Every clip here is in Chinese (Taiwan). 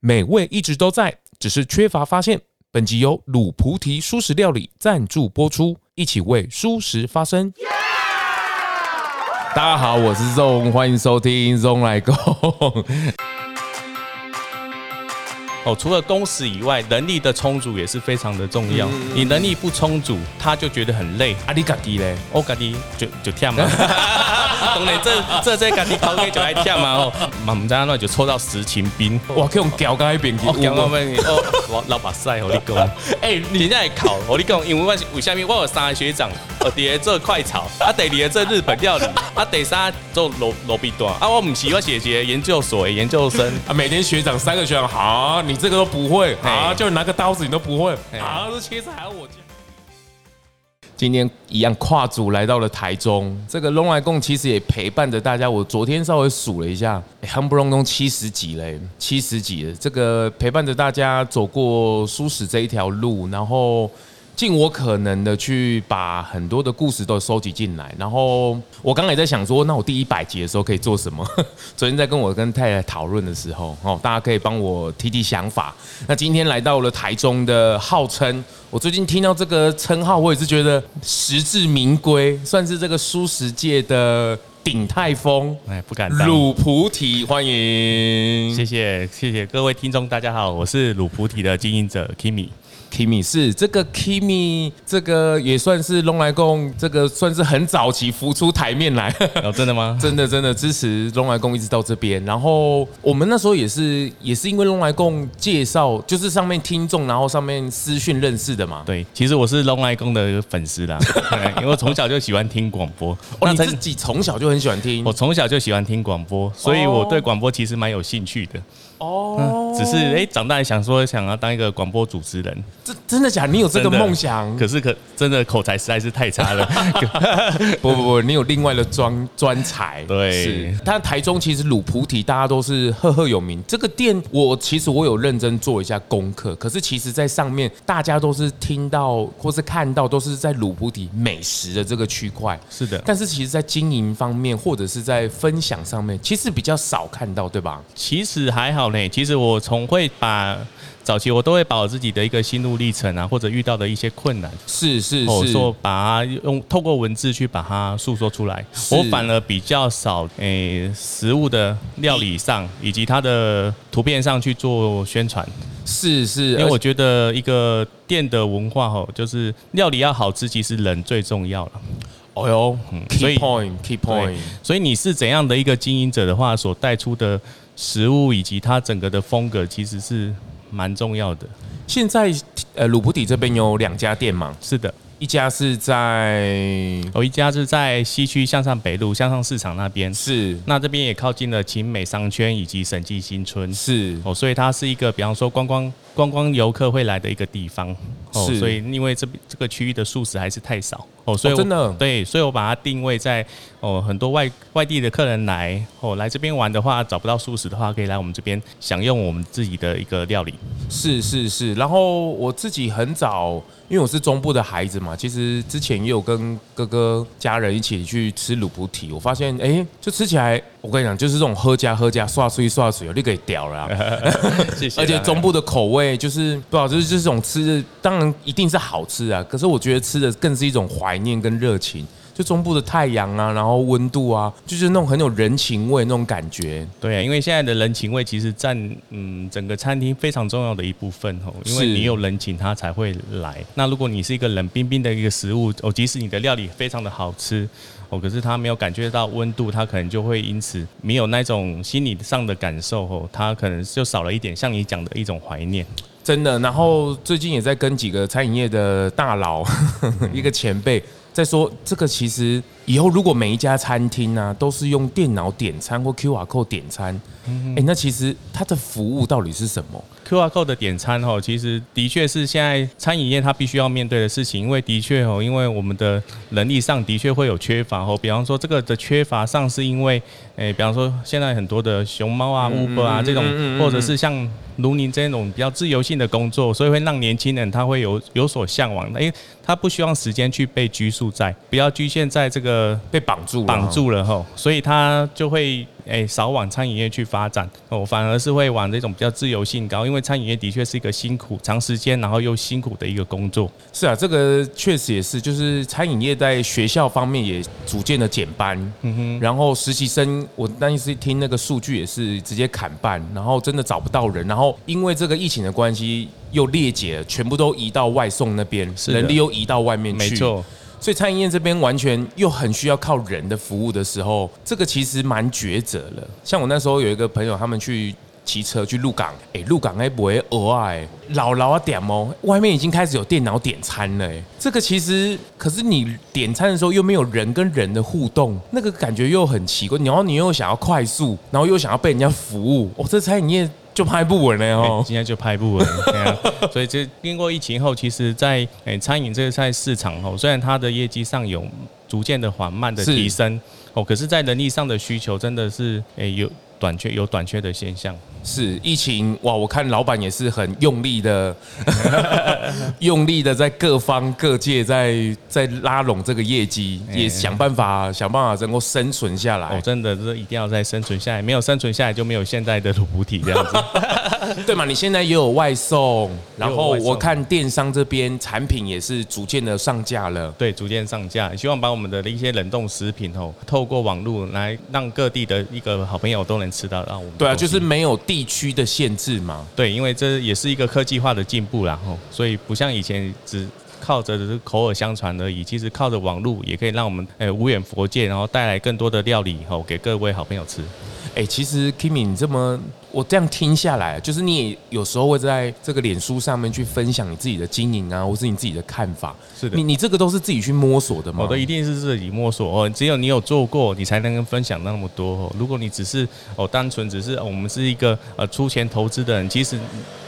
美味一直都在，只是缺乏發現。本集由滷菩提蔬食料理贊助播出，一起為蔬食發聲。Yeah! 大家好，我是宗，歡迎收聽宗嚨來共。 哦，除了工時以外，能力的充足也是非常的重要。你能力不充足，他就覺得很累。你裡嘎滴嘞，歐嘎就當就嘛。這這這嘎滴就愛聽嘛哦。滿不張就抽到實勤兵，哇，可以用腳蓋兵。哦，我老板帥我你哎、欸，你現在考，我你講，因為我是下面我有三個學長，我第一做快炒，第二個做日本料理，第三做羅羅賓段，我唔喜歡姐姐，研究所的研究生，啊，每天學長三個學長好。你這個都不會對啊！叫你拿個刀子你都不會對啊！這切菜還要我教？今天一樣跨組來到了台中，這個嚨來共其實也陪伴着大家。我昨天稍微數了一下，欸、夯不隆咚七十幾嘞、欸，七十幾了。這個陪伴着大家走過蔬食這一條路，然後，盡我可能的去把很多的故事都收集進來，然後我剛剛也在想說，那我第一百集的時候可以做什麼？昨天在跟我跟太太討論的時候，哦，大家可以幫我提提想法。那今天來到了台中的號稱，我最近聽到這個稱號，我也是覺得實至名歸，算是這個蔬食界的鼎泰豐哎，不敢當，滷菩提，歡迎，謝謝謝謝各位聽眾，大家好，我是滷菩提的經營者 Kimi。Kimi 是這個 Kimi，這個也算是嚨來共，這個算是很早期浮出台面來。真的嗎？真的真的支持嚨來共一直到這邊。然後我們那時候也是也是因為嚨來共介紹，就是上面聽眾，然後上面私訊認識的嘛。對，其實我是嚨來共的粉絲啦，因為我從小就喜歡聽廣播。你自己從小就很喜歡聽？我從小就喜歡聽廣播，所以我對廣播其實蠻有興趣的。哦，oh. 只是哎、欸，長大想說想要當一個廣播主持人，這真的假的？你有這個夢想？可是可真的口才實在是太差了。 不不不，你有另外的專專才。對是，但台中其實滷菩提大家都是赫赫有名。這個店我其實我有認真做一下功課，可是其實在上面大家都是聽到或是看到都是在滷菩提美食的這個區塊。是的，但是其實在經營方面或者是在分享上面，其實比較少看到，對吧？其實還好。其實我從會把早期我都會把我自己的一個心路歷程啊，或者遇到的一些困難，是是,是、喔，我說把它用透過文字去把它訴說出來。是我反而比較少誒、欸，食物的料理上以及它的圖片上去做宣傳。是是，因為我覺得一個店的文化、喔、就是料理要好吃，其實人最重要了。哎呦，key point key point，所以你是怎樣的一個經營者的話，所帶出的。食物以及它整個的風格其實是蠻重要的。現在，呃，滷菩提這邊有兩家店嗎？是的。一家是在哦，一家是在西區向上北路向上市場那邊是，那這邊也靠近了秦美商圈以及審計新村是哦，所以它是一個比方說觀光觀光遊客會來的一個地方是，所以因為這邊這個區域的素食還是太少哦，所以、哦、真的對，所以我把它定位在哦，很多外外地的客人來哦來這邊玩的話找不到素食的話，可以來我們這邊享用我們自己的一個料理是是是，然後我自己很早。因為我是中部的孩子嘛，其實之前也有跟哥哥家人一起去吃滷菩提，我發現哎、欸，就吃起來，我跟你講，就是這種喝家喝家，唰水唰水，又可以屌了、啊。謝謝。而且中部的口味就是不知道，就是就是這種吃，當然一定是好吃啊。可是我覺得吃的更是一種懷念跟熱情。就中部的太陽啊，然後溫度啊，就是那種很有人情味那種感覺，對、啊，因為現在的人情味其實佔嗯整個餐廳非常重要的一部分哦，因為你有人情，他才會來。是那如果你是一個冷冰冰的一個食物哦，即使你的料理非常的好吃哦，可是他沒有感覺到溫度，他可能就會因此沒有那種心理上的感受哦，他可能就少了一點像你講的一種懷念，真的。然後最近也在跟幾個餐飲業的大佬，嗯、一個前輩。再說這個其實。以後如果每一家餐廳呢、啊，都是用電腦點餐或 QR code 點餐，哎、嗯嗯欸，那其實它的服務到底是什麼？QR code 的點餐吼、喔，其實的確是現在餐飲業它必須要面對的事情，因為的確吼、喔，因為我們的人力上的確會有缺乏吼、喔。比方說這個的缺乏上是因為，哎、欸，比方說現在很多的熊貓啊、嗯嗯 Uber 啊這種，或者是像盧寧這種比較自由性的工作，所以會讓年輕人他會有有所向往的，因為他不希望時間去被拘束在，不要局限在這個。呃，被綁住，綁住了吼，了哦、所以他就會誒、欸、少往餐飲業去發展哦，反而是會往這種比較自由性高，因為餐飲業的確是一個辛苦、長時間，然後又辛苦的一個工作。是啊，這個確實也是，就是餐飲業在學校方面也逐漸的減班，嗯哼，然後實習生，我當時聽那個數據也是直接砍半，然後真的找不到人，然後因為這個疫情的關係又裂解了，全部都移到外送那邊，是的，人力又移到外面去。沒所以餐飲業這邊完全又很需要靠人的服務的時候，這個其實蠻抉擇的。像我那時候有一個朋友，他們去騎車去鹿港，哎、欸，鹿港不會餓偶爾老老點哦、喔，外面已經開始有電腦點餐了、欸。這個其實，可是你點餐的時候又沒有人跟人的互動，那個感覺又很奇怪。然後你又想要快速，然後又想要被人家服務，哦、喔，這餐飲業。就拍不穩了哦、欸，今天就拍不穩、啊，所以這經過疫情後，其實，在誒餐飲這個菜市場哦，雖然它的業績上有逐漸的緩慢的提升哦，是可是，在人力上的需求真的是誒、欸、有。短缺，有短缺的現象，是疫情，哇！我看老闆也是很用力的，用力的在各方各界，在在拉攏這個業績，也想辦法想辦法能夠生存下來。哦，真的是一定要再生存下來，沒有生存下來就沒有現在的滷菩提這樣子。對嘛？你現在也有外送，然後我看電商這邊產品也是逐漸的上架了。對，逐漸上架，希望把我們的一些冷凍食品哦，透過網絡來讓各地的一個好朋友都能吃到。讓我們對啊，就是沒有地區的限制嘛。對，因為這也是一個科技化的進步。然後所以不像以前只靠着口耳相傳而已，其實靠着網絡也可以讓我們哎無遠弗屆，然後帶來更多的料理哦給各位好朋友吃。哎、欸，其實 Kimi，你這麼我這樣聽下來，就是你也有時候會在這個臉書上面去分享你自己的經營啊，或是你自己的看法。是的，你你這個都是自己去摸索的嗎？我的、哦、一定是自己摸索哦。只有你有做過，你才能分享那麼多。哦、如果你只是哦，單純只是我們是一個呃出錢投資的人，其實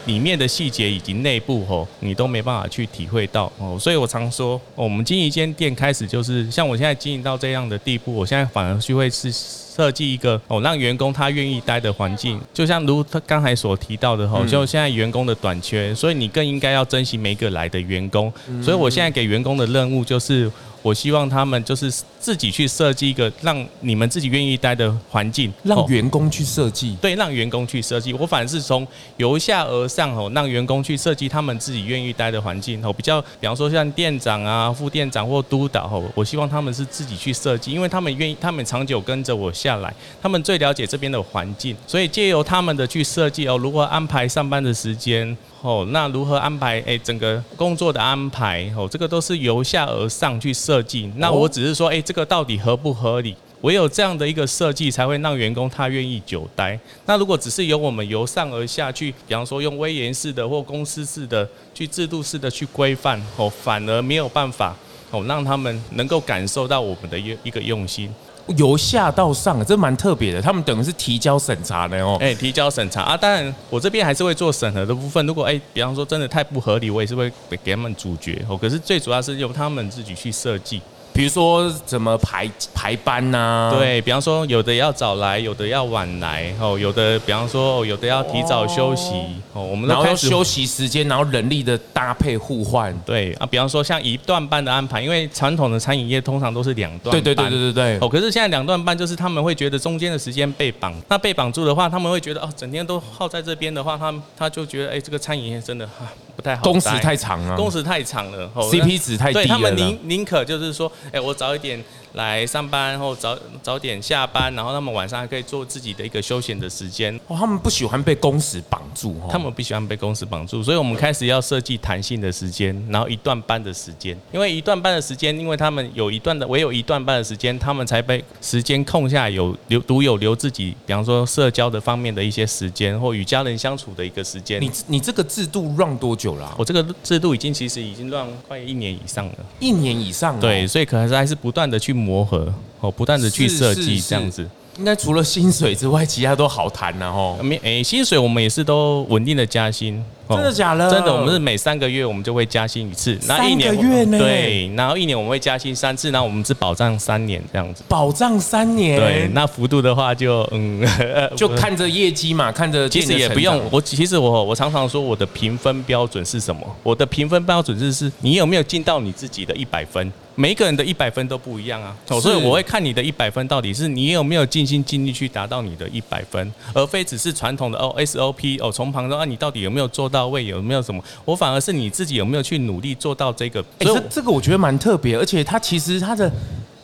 裡面的細節以及內部哦，你都沒辦法去體會到哦。所以我常說，哦、我們經營一間店開始就是像我現在經營到這樣的地步，我現在反而去會是。設計一個哦，讓員工他願意待的環境，就像如他剛才所提到的吼，就現在員工的短缺，所以你更應該要珍惜每一個來的員工。所以我現在給員工的任務就是，我希望他們就是。自己去設計一個讓你們自己願意待的環境，讓員工去設計。對，讓員工去設計。我反正是從由下而上哦，讓員工去設計他們自己願意待的環境哦。比較，比方說像店長啊、副店長或督導，我希望他們是自己去設計，因為他們願意，他們長久跟着我下來，他們最了解這邊的環境，所以借由他們的去設計哦，如何安排上班的時間哦，那如何安排哎整個工作的安排哦，這個都是由下而上去設計。那我只是說哎。這個到底合不合理？唯有這樣的一個設計，才會讓員工他願意久待。那如果只是由我們由上而下去，比方說用威嚴式的或公司式的去制度式的去規範，哦，反而沒有辦法哦，讓他們能夠感受到我們的一一個用心。由下到上，這蠻特別的。他們等於是提交審查的哦，誒、哎，提交審查啊。當然，我這邊還是會做審核的部分。如果誒、哎，比方說真的太不合理，我也是會給給他們主角哦。可是最主要是由他們自己去設計。.比如說怎麼排排班吶、啊？對比方說，有的要早來，有的要晚來，哦，有的比方說，有的要提早休息，哦，oh. 我們然後休息時間，然後人力的搭配互換，對啊，比方說像一段班的安排，因為傳統的餐飲業通常都是兩段班對對對對對哦，可是現在兩段班就是他們會覺得中間的時間被綁，那被綁住的話，他們會覺得哦，整天都耗在這邊的話，他他就覺得哎，這個餐飲業真的不太好，工時、啊、時太長了，工時太長了，CP 值太低了，對他們寧寧可就是說。哎、欸，我找一點。來上班然後早早點下班，然後他們晚上還可以做自己的一個休閒的時間。哦，他們不喜歡被公司綁住、哦，他們不喜歡被公司綁住，所以我們開始要設計彈性的時間，然後一段班的時間。因為一段班的時間，因為他們有一段的，唯有一段班的時間，他們才被時間空下有留獨有留自己，比方說社交的方面的一些時間，或與家人相處的一個時間。你你這個制度 run 多久了？啊？我這個制度已經其實已經 run 快一年以上了，一年以上、哦。了。對，所以可能是還是不斷的去。磨合哦，不斷的去設計這樣子，是是是應該除了薪水之外，其他都好談的吼。誒、欸，薪水我們也是都穩定的加薪。哦、真的假的？真的，我們是每三個月我們就會加薪一次，那一年對，然後一年我們會加薪三次，然後我們是保障三年這樣子，保障三年。對，那幅度的話就嗯， 就看着業績嘛，看着其實也不用我，其實我我常常說我的評分標準是什麼？我的評分標準是是你有沒有盡到你自己的一百分，每一個人的一百分都不一樣啊，是所以我會看你的一百分到底是你有沒有盡心盡力去達到你的一百分，而非只是傳統的 SOP，哦 SOP 哦從旁觀、啊、你到底有沒有做到。到位有沒有什麼？我反而是你自己有沒有去努力做到這個？這這個我覺得蠻特別，而且他其實他的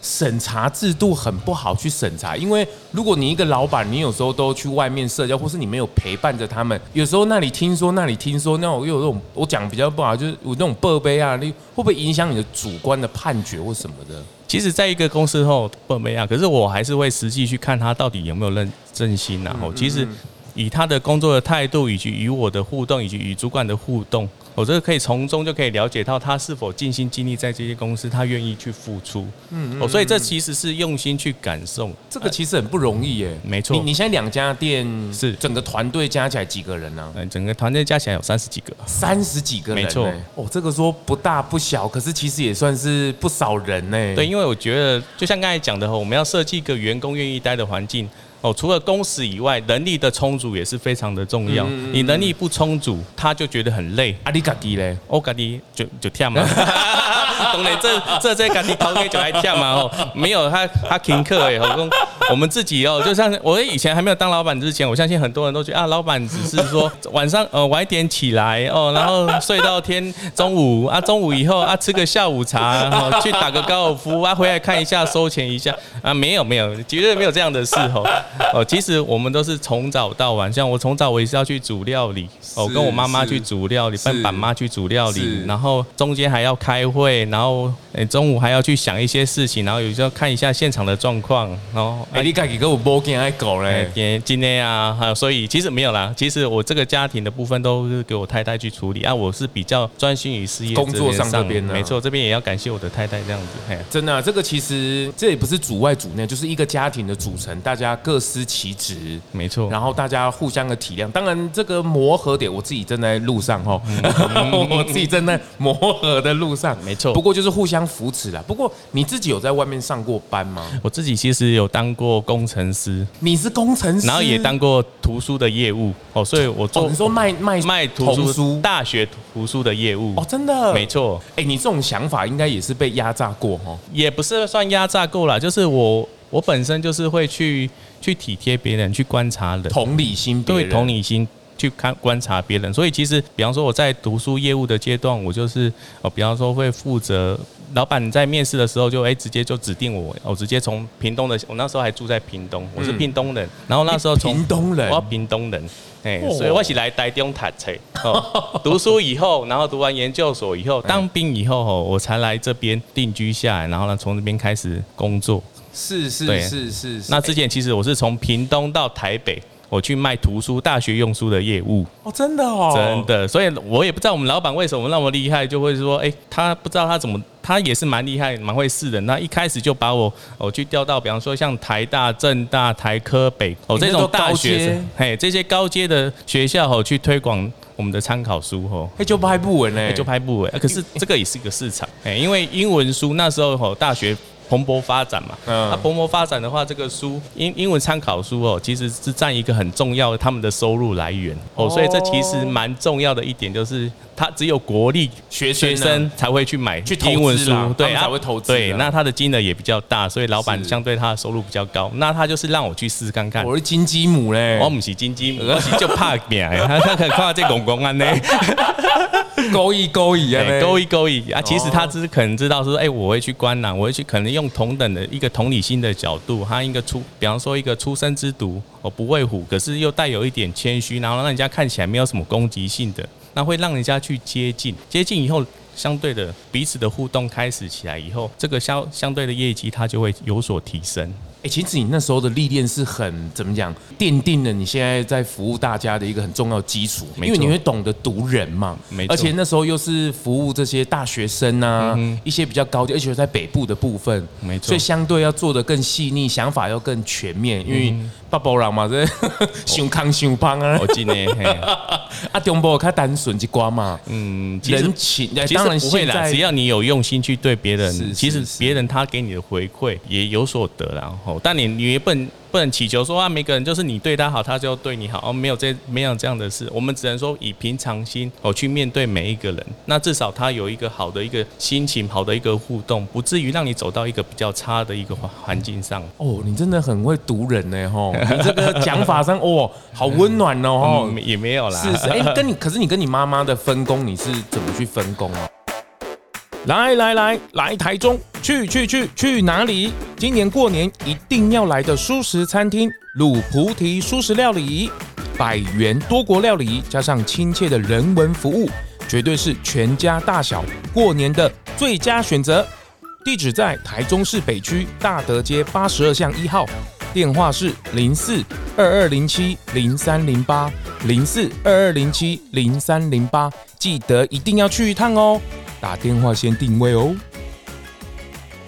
審查制度很不好去審查，因為如果你一個老闆，你有時候都去外面社交，或是你沒有陪伴着他們，有時候那裡聽說，那裡聽說，那我又有這種我講比較不好，就是有那種報備啊，你會不會影響你的主觀的判決或什麼的？其實在一個公司後報備啊，可是我還是會實際去看他到底有沒有認真心，然後其實。以他的工作的態度，以及與我的互動，以及與主管的互動，我、哦、這個可以從中就可以了解到他是否盡心盡力在這些公司，他願意去付出。嗯，哦，所以這其實是用心去感受，嗯嗯啊、這個其實很不容易耶。嗯、沒錯，你你現在兩家店是整個團隊加起來幾個人呢？啊？嗯，整個團隊加起來有三十幾個，嗯、三十幾個，嗯、沒錯。哦，這個說不大不小，可是其實也算是不少人呢。對，因為我覺得就像剛才講的哈，我們要設計一個員工願意待的環境。哦，除了工時以外，能力的充足也是非常的重要。你能力不充足，他就覺得很累。阿里嘎滴嘞，滴就就跳嘛。懂嘞， 這這這嘎滴頭盔就來跳嘛哦。沒有他他停課哎，我們我們自己哦，就像我以前還沒有當老板之前，我相信很多人都覺得啊，老板只是說晚上、呃、晚一點起來哦，然後睡到天中午啊，中午以後啊吃個下午茶，哦、去打個高爾夫啊，回來看一下收錢一下啊，沒有沒有絕對沒有這樣的事吼。哦哦， 其實我們都是從早到晚，像我從早我也是要去煮料理，哦，跟我媽媽去煮料理，幫爸媽去煮料理，然後中間還要開會，然後哎，中午還要去想一些事情，然後有時候看一下現場的狀況、哎啊，哦，哎，你家幾個我無見還搞咧，今天啊，所以其實沒有啦，其實我這個家庭的部分都是給我太太去處理啊，我是比較專心於事業工作上這邊的，沒錯，這邊也要感謝我的太太這樣子，哎，真的、啊，這個其實這也不是主外主內，就是一個家庭的組成，大家各。各司其職，沒錯 錯。然後大家互相的體諒，當然這個磨合點，我自己正在路上哈、嗯， 我自己正在磨合的路上，沒錯 錯。不過就是互相扶持啦。不過你自己有在外面上過班嗎？我自己其實有當過工程師，你是工程師，然後也當過圖書的業務哦，所以我做、哦、你說賣賣書賣圖書、大學圖書的業務哦，真的沒錯。哎，你這種想法應該也是被壓榨過，也不是算壓榨過了，就是我我本身就是會去。去體貼別人，去觀察人，同理心，對，同理心去看觀察別人。所以其實，比方說我在讀書業務的階段，我就是，哦，比方說會負責。老闆你在面試的時候就哎、欸，直接就指定我，我直接從屏東的，我那時候還住在屏東，我是屏東人。嗯、然後那時候從，屏東人，我屏東人，哎，哦、所以我是來台中探親。哦、 讀書以後，然後讀完研究所以後，當兵以後，我才來這邊定居下來，然後呢，從這邊開始工作。是是是是，那之前其實我是從屏東到台北，我去賣圖書、大學用書的業務。哦，真的哦，真的。所以，我也不知道我們老板為什麼那麼厲害，就會說，哎、欸，他不知道他怎麼，他也是蠻厲害、蠻會試的。那一開始就把我，我去調到，比方說像台大、政大、台科北哦、喔、這種大學，嘿、欸，階這些高階的學校吼、喔，去推廣我們的參考書吼，哎、欸，就拍不穩嘞，就、欸、拍不穩。可是這個也是個市場，哎、欸，欸、因為英文書那時候吼、喔，大學。蓬勃發展嘛，那，uh，啊，蓬勃發展的話，這個書英英文參考書哦，其實是佔一個很重要的他們的收入來源哦，oh. 所以這其實蠻重要的一點就是。他只有國立學學生才會去買，文書會去，買去投資啦，對才會投資。啊、對，那他的金額也比較大，所以老闆相對他的收入比較高。是 那他就是讓我去試試看看。我，我是金雞母嘞，我不是金雞母，我就怕面，他他怕這公公安咧，勾一勾一勾一勾一啊！其實他只是可能知道說，哎，我會去觀覽我會去可能用同等的一個同理心的角度，他一個出，比方說一個出生之犢我不畏虎，可是又帶有一點謙虛，然後讓人家看起來沒有什麼攻擊性的。那會讓人家去接近，接近以後，相對的彼此的互動開始起來以後，這個相相對的業績它就會有所提升。哎，其實你那時候的歷練是很怎麼講，奠定了你現在在服務大家的一個很重要基礎。因為你會懂得讀人嘛。而且那時候又是服務這些大學生啊，一些比較高級，而且在北部的部分，所以相對要做的更細膩，想法要更全面，因為。髮包人嘛是？這想扛想幫啊！我真的誒，對啊，中部較單純一寡嘛。嗯，人情，當然現在只要你有用心去對別人，其實別人他給你的回饋也有所得，然後，但你你原本。不能祈求說啊，每個人就是你對他好，他就對你好，哦，沒有這沒有這樣的事。我們只能說以平常心哦去面對每一個人，那至少他有一個好的一個心情，好的一個互動，不至於讓你走到一個比較差的一個環境上。哦，你真的很會讀人呢，吼！你這個講法上，哦，好溫暖哦。嗯嗯、也沒有啦，是是、欸。跟你，可是你跟你媽媽的分工，你是怎麼去分工啊？來來來來，台中。去去去去哪裡？今年過年一定要來的蔬食餐廳——滷菩提蔬食料理，百元多國料理加上親切的人文服務，絕對是全家大小過年的最佳選擇。地址在台中市北區大德街八十二巷一號，電話是零四二二零七零三零八零四二二零七零三零八，8, 8, 記得一定要去一趟哦！打電話先定位哦。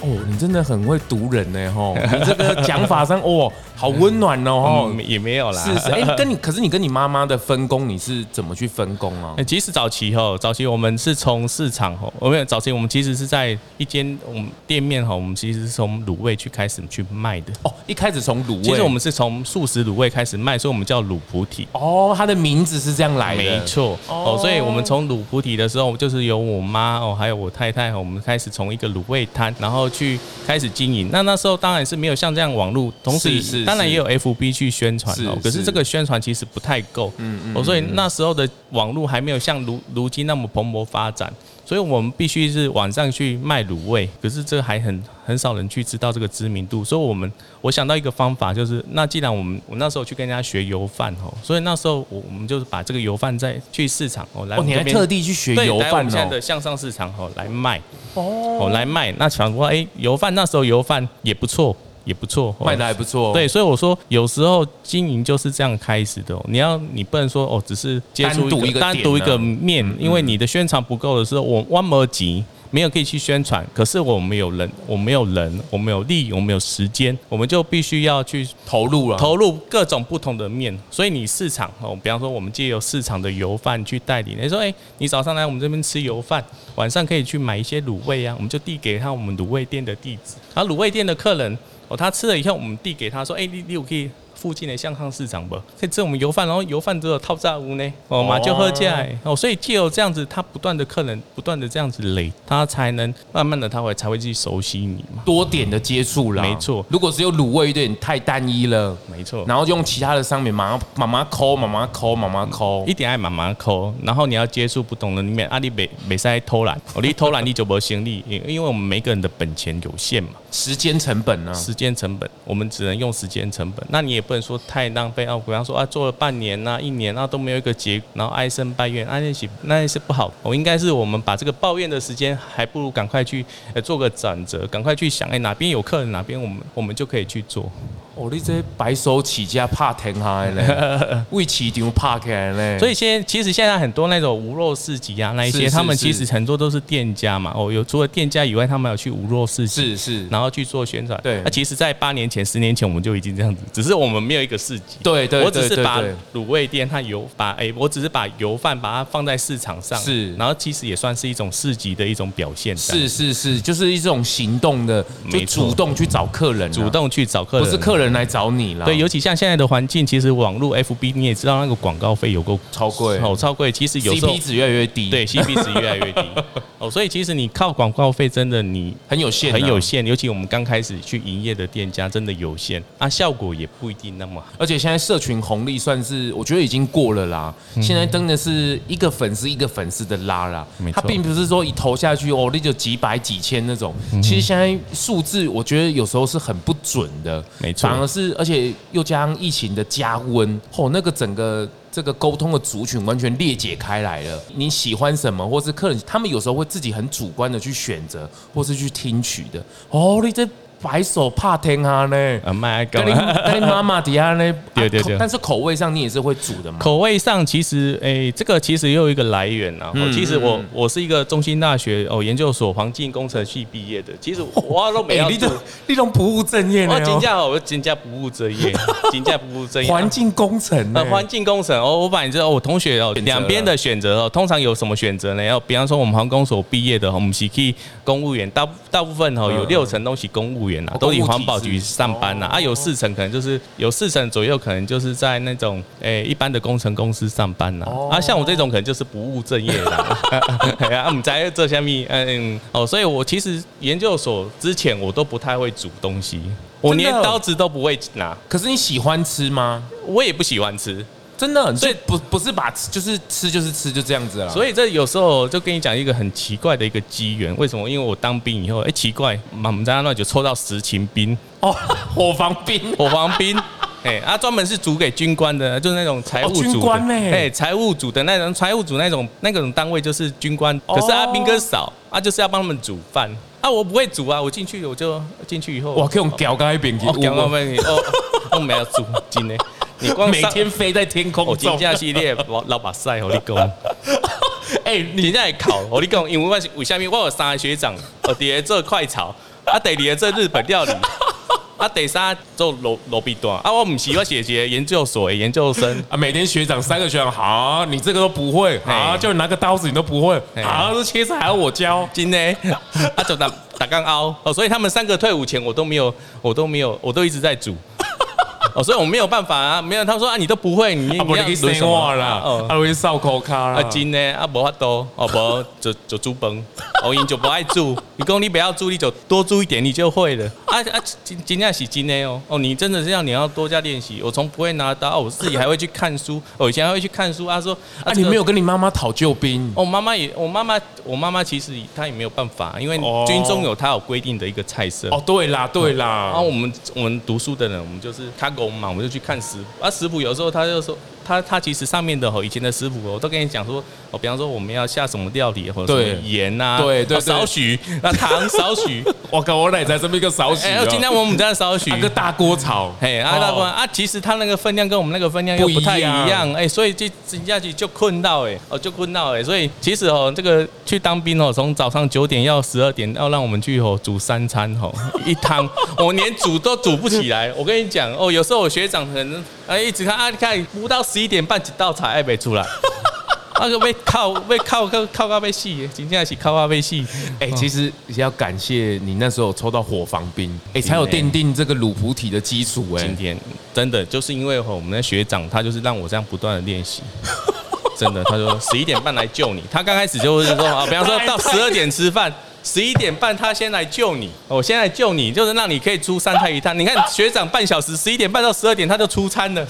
哦，你真的很會讀人呢，吼，你這個講法上， 哦。好溫暖哦，嗯、也沒有啦。是是，哎、欸，跟你可是你跟你媽媽的分工，你是怎麼去分工哎、啊，其實早期哦，早期我們是從市場哦，我們早期我們其實是在一間我們店面哈，我們其實是從滷味去開始去賣的哦。一開始從滷味，其實我們是從素食滷味開始賣，所以我們叫滷菩提哦。它的名字是這樣來的，沒錯哦。所以我們從滷菩提的時候，就是由我媽哦，還有我太太哈，我們開始從一個滷味攤，然後去開始經營。那那時候當然是沒有像這樣網絡，同時是。當然也有 FB 去宣傳哦，是是是，可是這個宣傳其實不太夠。嗯嗯，嗯。嗯、所以那時候的網絡還沒有像如如今那麼蓬勃發展，所以我們必須是網上去賣滷味，可是這還很很少人去知道這個知名度。所以我們我想到一個方法，就是那既然我們我那時候去跟人家學油飯哈，所以那時候我我們就把這個油飯再去市場來哦來，你還特地去學油飯哦對，現在的向上市場哈來賣哦，來賣，來賣那想說哎油飯那時候油飯也不錯。也不錯，賣的還不錯。對，所以我說，有時候經營就是這樣開始的。你要，你不能說哦、喔，只是單獨一個單獨一,、啊、一個面，因為你的宣傳不夠的時候，我彎磨機沒有可以去宣傳。嗯、可是我們有人，我們有人，我們有力，我們有時間，我們就必須要去投入了、啊，投入各種不同的面。所以你市場哦、喔，比方說我們借由市場的油飯去代理，你說哎、欸，你早上來我們這邊吃油飯，晚上可以去買一些滷味啊，我們就遞給他們我們滷味店的地址。然後，滷味店的客人。哦，他吃了以後，我們遞給他說：“哎，你你有可以。”附近的相康市場不，可以吃我們油飯，然後油飯之後套炸物呢，哦馬就喝起來。哦所以只有這樣子，他不斷的客人不斷的這樣子累，他才能慢慢的他會才會去熟悉你，多點的接觸啦。沒錯，如果只有滷味有點太單一了，沒錯。然後用其他的商品慢慢慢慢摳，慢慢摳，慢慢摳，一點愛慢慢摳。然後你要接觸不同的面，阿里別別再偷懶，哦，你偷懶你就沒心力，因因為我們每個人的本錢有限嘛，時間成本呢？時間成本，我們只能用時間成本，那你也。不能說太浪費啊，比方說啊，做了半年吶、啊、一年啊，都沒有一個結果，然後唉聲抱怨、啊，那也那也是不好。我應該是我們把這個抱怨的時間，還不如趕快去，呃，做個轉折，趕快去想，哎，哪邊有客人，哪邊我們我們就可以去做。哦，你這白手起家怕停下嘞，為起就怕起來嘞。所以現其實現在很多那種無肉市集啊，那一些他們其實很多都是店家嘛。哦，有除了店家以外，他們有去無肉市集，是是，然後去做宣傳。對，那其實，在八年前、十年前，我們就已經這樣子，只是我們沒有一個市集。對對對對對，我只是把滷味店和油，把哎，我只是把油飯把它放在市場上，是，然後其實也算是一種市集的一種表現。是是是，就是一種行動的，就主動去找客人、啊，主動去找客人，啊、不是客人、啊。來找你了，對，尤其像現在的環境，其實網路 FB 你也知道，那個廣告費有個超貴哦，超貴。其實有時候 CP 值越來越低，對，CP 值越來越低哦，所以其實你靠廣告費真的你很有限，很有限。尤其我們剛開始去營業的店家真的有限，啊，效果也不一定那麼。而且現在社群紅利算是我覺得已經過了啦，現在真的是一個粉絲一個粉絲的拉了，他並不是說一投下去哦，你就幾百幾千那種。其實現在數字我覺得有時候是很不準的，沒錯。而是，而且又將疫情的加溫，吼，那個整個這個溝通的族群完全裂解開來了。你喜歡什麼，或是客人他們有時候會自己很主觀的去選擇，或是去聽取的。哦，你這。白手怕天哈呢，跟你跟媽媽底下呢，對對對，對，但是口味上你也是會煮的嘛。口味上其實誒、欸，這個其實有一個來源啦、啊。其實我我是一個中興大學哦研究所環境工程系畢業的。其實我都沒有、欸、你都你都不務正業哦。金價哦，金價不務正業，金價不務正業。環 境工程、欸，環境工程哦、欸，喔喔、我反正、喔、我同學哦，兩邊的選擇哦，通常有什麼選擇呢？然後比方說我們航空所畢業的，我們是去公務員大大部分哦、喔、有六成都是公務員。都以環保局上班吶，啊，啊，有四成可能就是有四成左右可能就是在那種一般的工程公司上班吶，啊，啊，像我這種可能就是不務正業啊，我在這些咪，嗯，哦，所以我其實研究所之前我都不太會煮東西，我連刀子都不會拿，可是你喜歡吃嗎？我也不喜歡吃。真的，很，所以對不不是把吃就是吃就是吃就這樣子了。所以這有時候就跟你講一個很奇怪的一個機緣，為什麼？因為我當兵以後，哎、欸，奇怪，我們在那裡就抽到十勤兵。哦，伙房兵，伙房兵，哎、 欸，他、啊、專門是煮給軍官的，就是那種財務組。哦、官哎，財、欸、務組的那種財務組那種那個、種單位就是軍官，可是阿、啊、兵哥少，他、啊、就是要幫他們煮飯。啊，我不會煮啊，我進去我就進去以後。哇，可以用腳一餅子。腳一餅我沒有煮，你光每天飛在天空。我金家系列老把曬我跟你講。哎， 欸、你在考我跟你講，因為我是我下面我有三個學長，我第一做快炒， 啊，第二做日本料理， 啊，第三做羅羅賓頓，啊，我唔係我姐姐研究所研究生，啊，每天學長三個學長，好、啊，你這個都不會，好啊，叫你拿個刀子你都不會，啊，都切菜還要我教，真的，啊，就打打鋼凹，哦， 所以他們三個退伍前我都沒有，我都沒有，我都，我都一直在煮。哦，所以我沒有辦法啊，沒有。他說啊，你都不會，你也不伯已經生我了，阿伯燒烤卡了，阿金呢？阿伯發多，哦，伯就就煮飯，哦，飲就不愛煮。你公你不要煮，你就多煮一點，你就會了。啊啊，金金啊是金的哦，哦，你真的是要你要多加練習。我從不會拿刀，我自己還會去看書。我以前還會去看書。他說，啊，你沒有跟你媽媽討救兵？哦，媽媽也，我媽媽，我媽媽其實她也沒有辦法，因為軍中有她有規定的一個菜色。哦，對啦，對啦。啊，我們我們讀書的人，我們就是他狗。我們就去看食譜啊，食譜有時候他就說。他他其實上面的吼，以前的師傅我都跟你講說，哦，比方說我們要下什麼料理，或者鹽啊，對對，對對對哦、少許，那糖少許。 我靠、啊，我奶奶這麼一個少許哦。今天我們家的少許，一個、啊、大鍋炒，嘿，啊大鍋、哦、啊，其實他那個分量跟我們那個分量又不太一樣，哎、欸，所以就吃下去就困到哎，哦就困到哎，所以其實哦，這個去當兵哦，從早上九點要十二點要讓我們去吼、哦、煮三餐吼、哦，一湯， 我連煮都煮不起來。我跟你講哦，有時候我學長可能哎一直看啊，你看不到十。十一點半幾道菜還沒出來他，那說被靠被靠、靠、靠、靠、被今天要是靠靠被洗。哎、欸，其實要感謝你那時候抽到伙房兵，哎、欸，才有奠定這個滷菩提的基礎、欸。哎，今天真的就是因為我們的學長，他就是讓我這樣不斷的練習。真的，他說十一點半來救你，他剛開始就是說啊，比方說到十二點吃飯，十一點半他先來救你，我先來救你，就是讓你可以出三菜一湯。你看學長半小時，十一點半到十二點他就出餐了。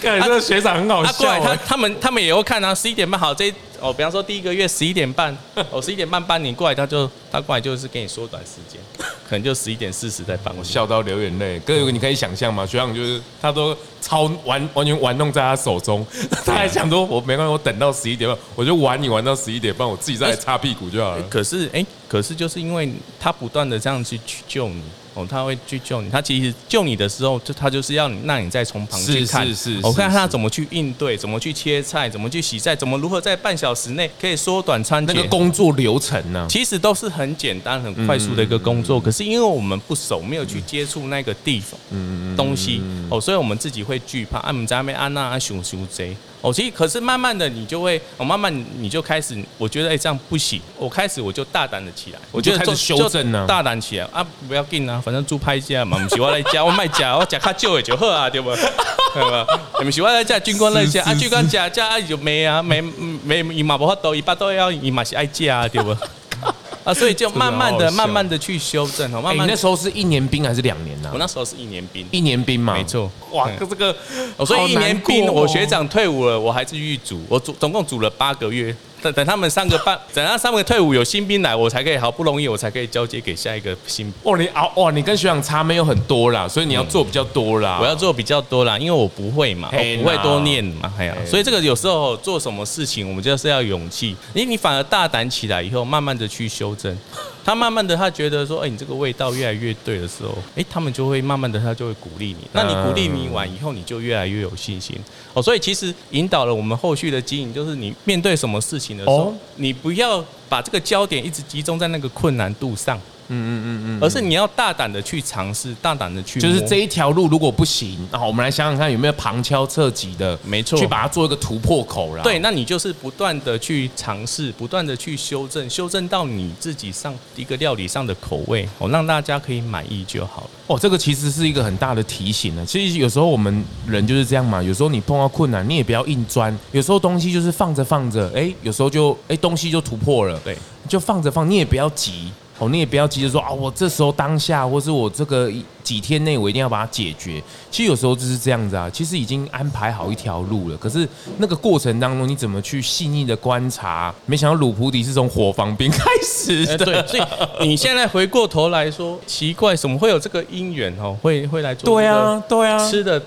看這、那個學長很好笑，啊啊，他，他他們他們也會看啊。十一點半好，這哦，比方說第一個月十一點半，我十一點半搬你過來，他就他過來就是給你縮短時間，可能就十一點四十再搬過去。笑到流眼淚，哥，你可以想象嗎？嗯、學長就是他都超玩完，完全玩弄在他手中，啊、他還想說，我沒關係，我等到十一點半，我就玩你玩到十一點半，我自己再來擦屁股就好了。欸欸、可是哎、欸，可是就是因為他不斷的這樣去救你。哦，他會去救你。他其實救你的時候，就他就是要你，讓你再從旁去看，是是是，是，是，哦，我看他怎麼去應對，怎麼去切菜，怎麼去洗菜，怎麼如何在半小時內可以縮短餐。那個工作流程呢？好其實都是很簡單、很快速的一個工作，嗯嗯嗯、可是因為我們不熟，沒有去接觸那個地方、嗯、東西，嗯嗯、哦，所以我們自己會懼怕。啊，我們在那邊安娜啊，熊熊賊。哦，所以可是慢慢的，你就會，哦，慢慢你就開始，我覺得誒、欸，這樣不行，我開始我就大膽的起來，我就開始修正呢，大膽起來啊，不要緊啊，反正煮拍一下嘛，不是我來加我賣家，我加較少的就好啊，對，對吧，對吧，你們喜歡來加，軍官來加啊，軍官加加就沒啊沒沒，伊嘛無法多，伊都要伊嘛是愛加啊，對不？啊，所以就慢慢的，的好好慢慢的去修正哦。慢、欸、你那時候是一年兵還是兩年呢、啊？我那時候是一年兵，一年兵嘛，沒錯錯。哇，這個，對所以一年兵，我學長退伍了，哦、我還是預組，我總總共組了八個月。等等他們三個半，等他們退伍有新兵來，我才可以，好不容易我才可以交接給下一個新兵。哦，你哦哦，你跟學長差沒有很多啦，所以你要做比較多啦，我要做比較多啦，因為我不會嘛，我不會多念嘛。哎呀，所以這個有時候做什麼事情，我們就是要勇氣，因為你反而大膽起來以後，慢慢的去修正。他慢慢的，他覺得說，哎，你這個味道越來越對的時候，哎，他們就會慢慢的，他就會鼓勵你。那你鼓勵你完以後，你就越來越有信心。哦，所以其實引導了我們後續的經營，就是你面對什麼事情的時候，你不要把這個焦點一直集中在那個困難度上。嗯嗯嗯嗯，嗯嗯，而是你要大膽的去嘗試，大膽的去，就是這一條路如果不行，那我們來想想看有沒有旁敲側擊的，沒錯，去把它做一個突破口了。對，那你就是不斷的去嘗試，不斷的去修正，修正到你自己上一個料理上的口味，讓大家可以滿意就好了。哦，這個其實是一個很大的提醒了。其實有時候我們人就是這樣嘛，有時候你碰到困難，你也不要硬鑽。有時候東西就是放着放着，誒，有時候就誒，東西就突破了。對，就放着放，你也不要急。哦，你也不要急着說啊，我這時候當下，或是我這個幾天內，我一定要把它解決。其實有時候就是這樣子啊，其實已經安排好一條路了，可是那個過程當中，你怎麼去細膩的觀察？沒想到滷菩提是從伙房兵開始的、欸。對，所以你現在回過頭來說，奇怪，怎麼會有這個因緣？哦，會會來做對、啊。對呀、啊，對呀。吃的，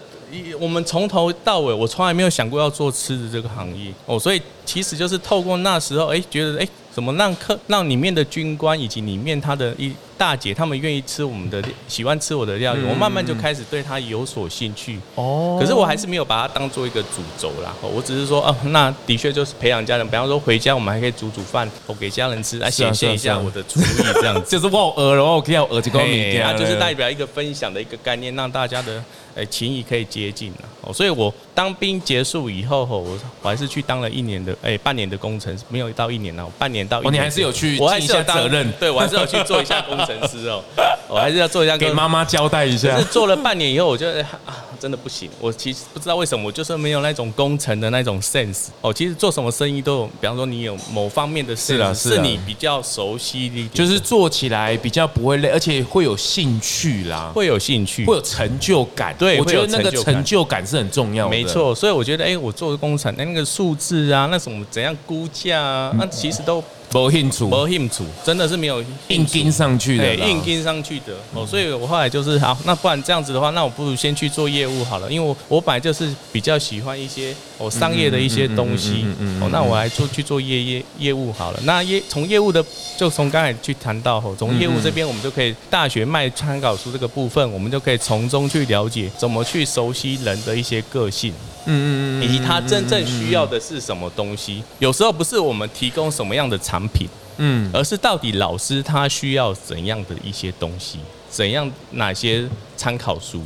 我們從頭到尾，我從來沒有想過要做吃的這個行業。哦、喔，所以其實就是透過那時候，哎、欸，覺得哎。欸怎麼讓客讓裡面的軍官以及裡面他的一？大姐他們願意吃我們的，喜歡吃我的料理，嗯、我慢慢就開始對他有所興趣。哦，可是我還是沒有把他當做一個主軸啦，我只是說哦、啊，那的確就是培養家人，比方說回家我們還可以煮煮飯哦，我給家人吃來顯現一下我的廚藝這樣子。就是我餓嘿了，我要餓幾公對。啊，就是代表一個分享的一個概念，讓大家的呃、欸、情誼可以接近了。哦，所以我當兵結束以後，吼，我我還是去當了一年的哎、欸，半年的工程，沒有到一年了，半年到一年了。一、哦、你還是有去，我還是責任。對，我還是有去做一下工程.。 神思哦，我 還是要做一下給媽媽交代一下。 可是做了半年以後，我覺得、啊、真的不行。我其實不知道為什麼，我就是沒有那種工程的那種 sense 哦。其實做什麼生意都有，比方說你有某方面的事是，、啊是，啊、是你比較熟悉的就是做起來比較不會累，對而且會有興趣啦，會有興趣，會有成就感。對，就感對，我覺得那個成就感是很重要的。沒錯，所以我覺得，哎、欸，我做工程那個數字啊，那種怎樣估價啊，那、嗯啊、其實都。沒興趣，沒興趣，真的是沒有硬跟上去的，對，硬跟上去的哦。子所以我後來就是好，那不然這樣子的話，那我不如先去做業務好了，因為我我本來就是比較喜歡一些哦商業的一些東西，嗯嗯，哦那我來做去做業業業務好了。那業從業務的，就從剛才去談到哦，從業務這邊，我們就可以大學賣參考書這個部分，我們就可以從中去了解怎麼去熟悉人的一些個性。嗯嗯嗯，以及他真正需要的是什麼東西？嗯嗯嗯、有時候不是我們提供什麼樣的產品，嗯，而是到底老師他需要怎樣的一些東西？怎樣哪些參考書？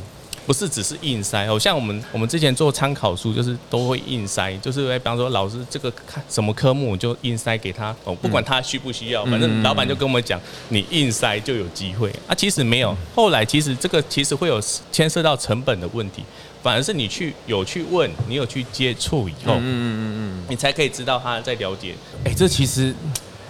不是只是硬塞哦，像我們我們之前做參考書就是都會硬塞，就是比方說老師這個看什麼科目就硬塞給他哦，不管他需不需要，反正老闆就跟我們講，你硬塞就有機會啊。其實沒有，後來其實這個其實會有牽涉到成本的問題。反而是你去有去問，你有去接觸以後，嗯嗯嗯嗯，嗯嗯你才可以知道他在了解。哎、欸，這其實，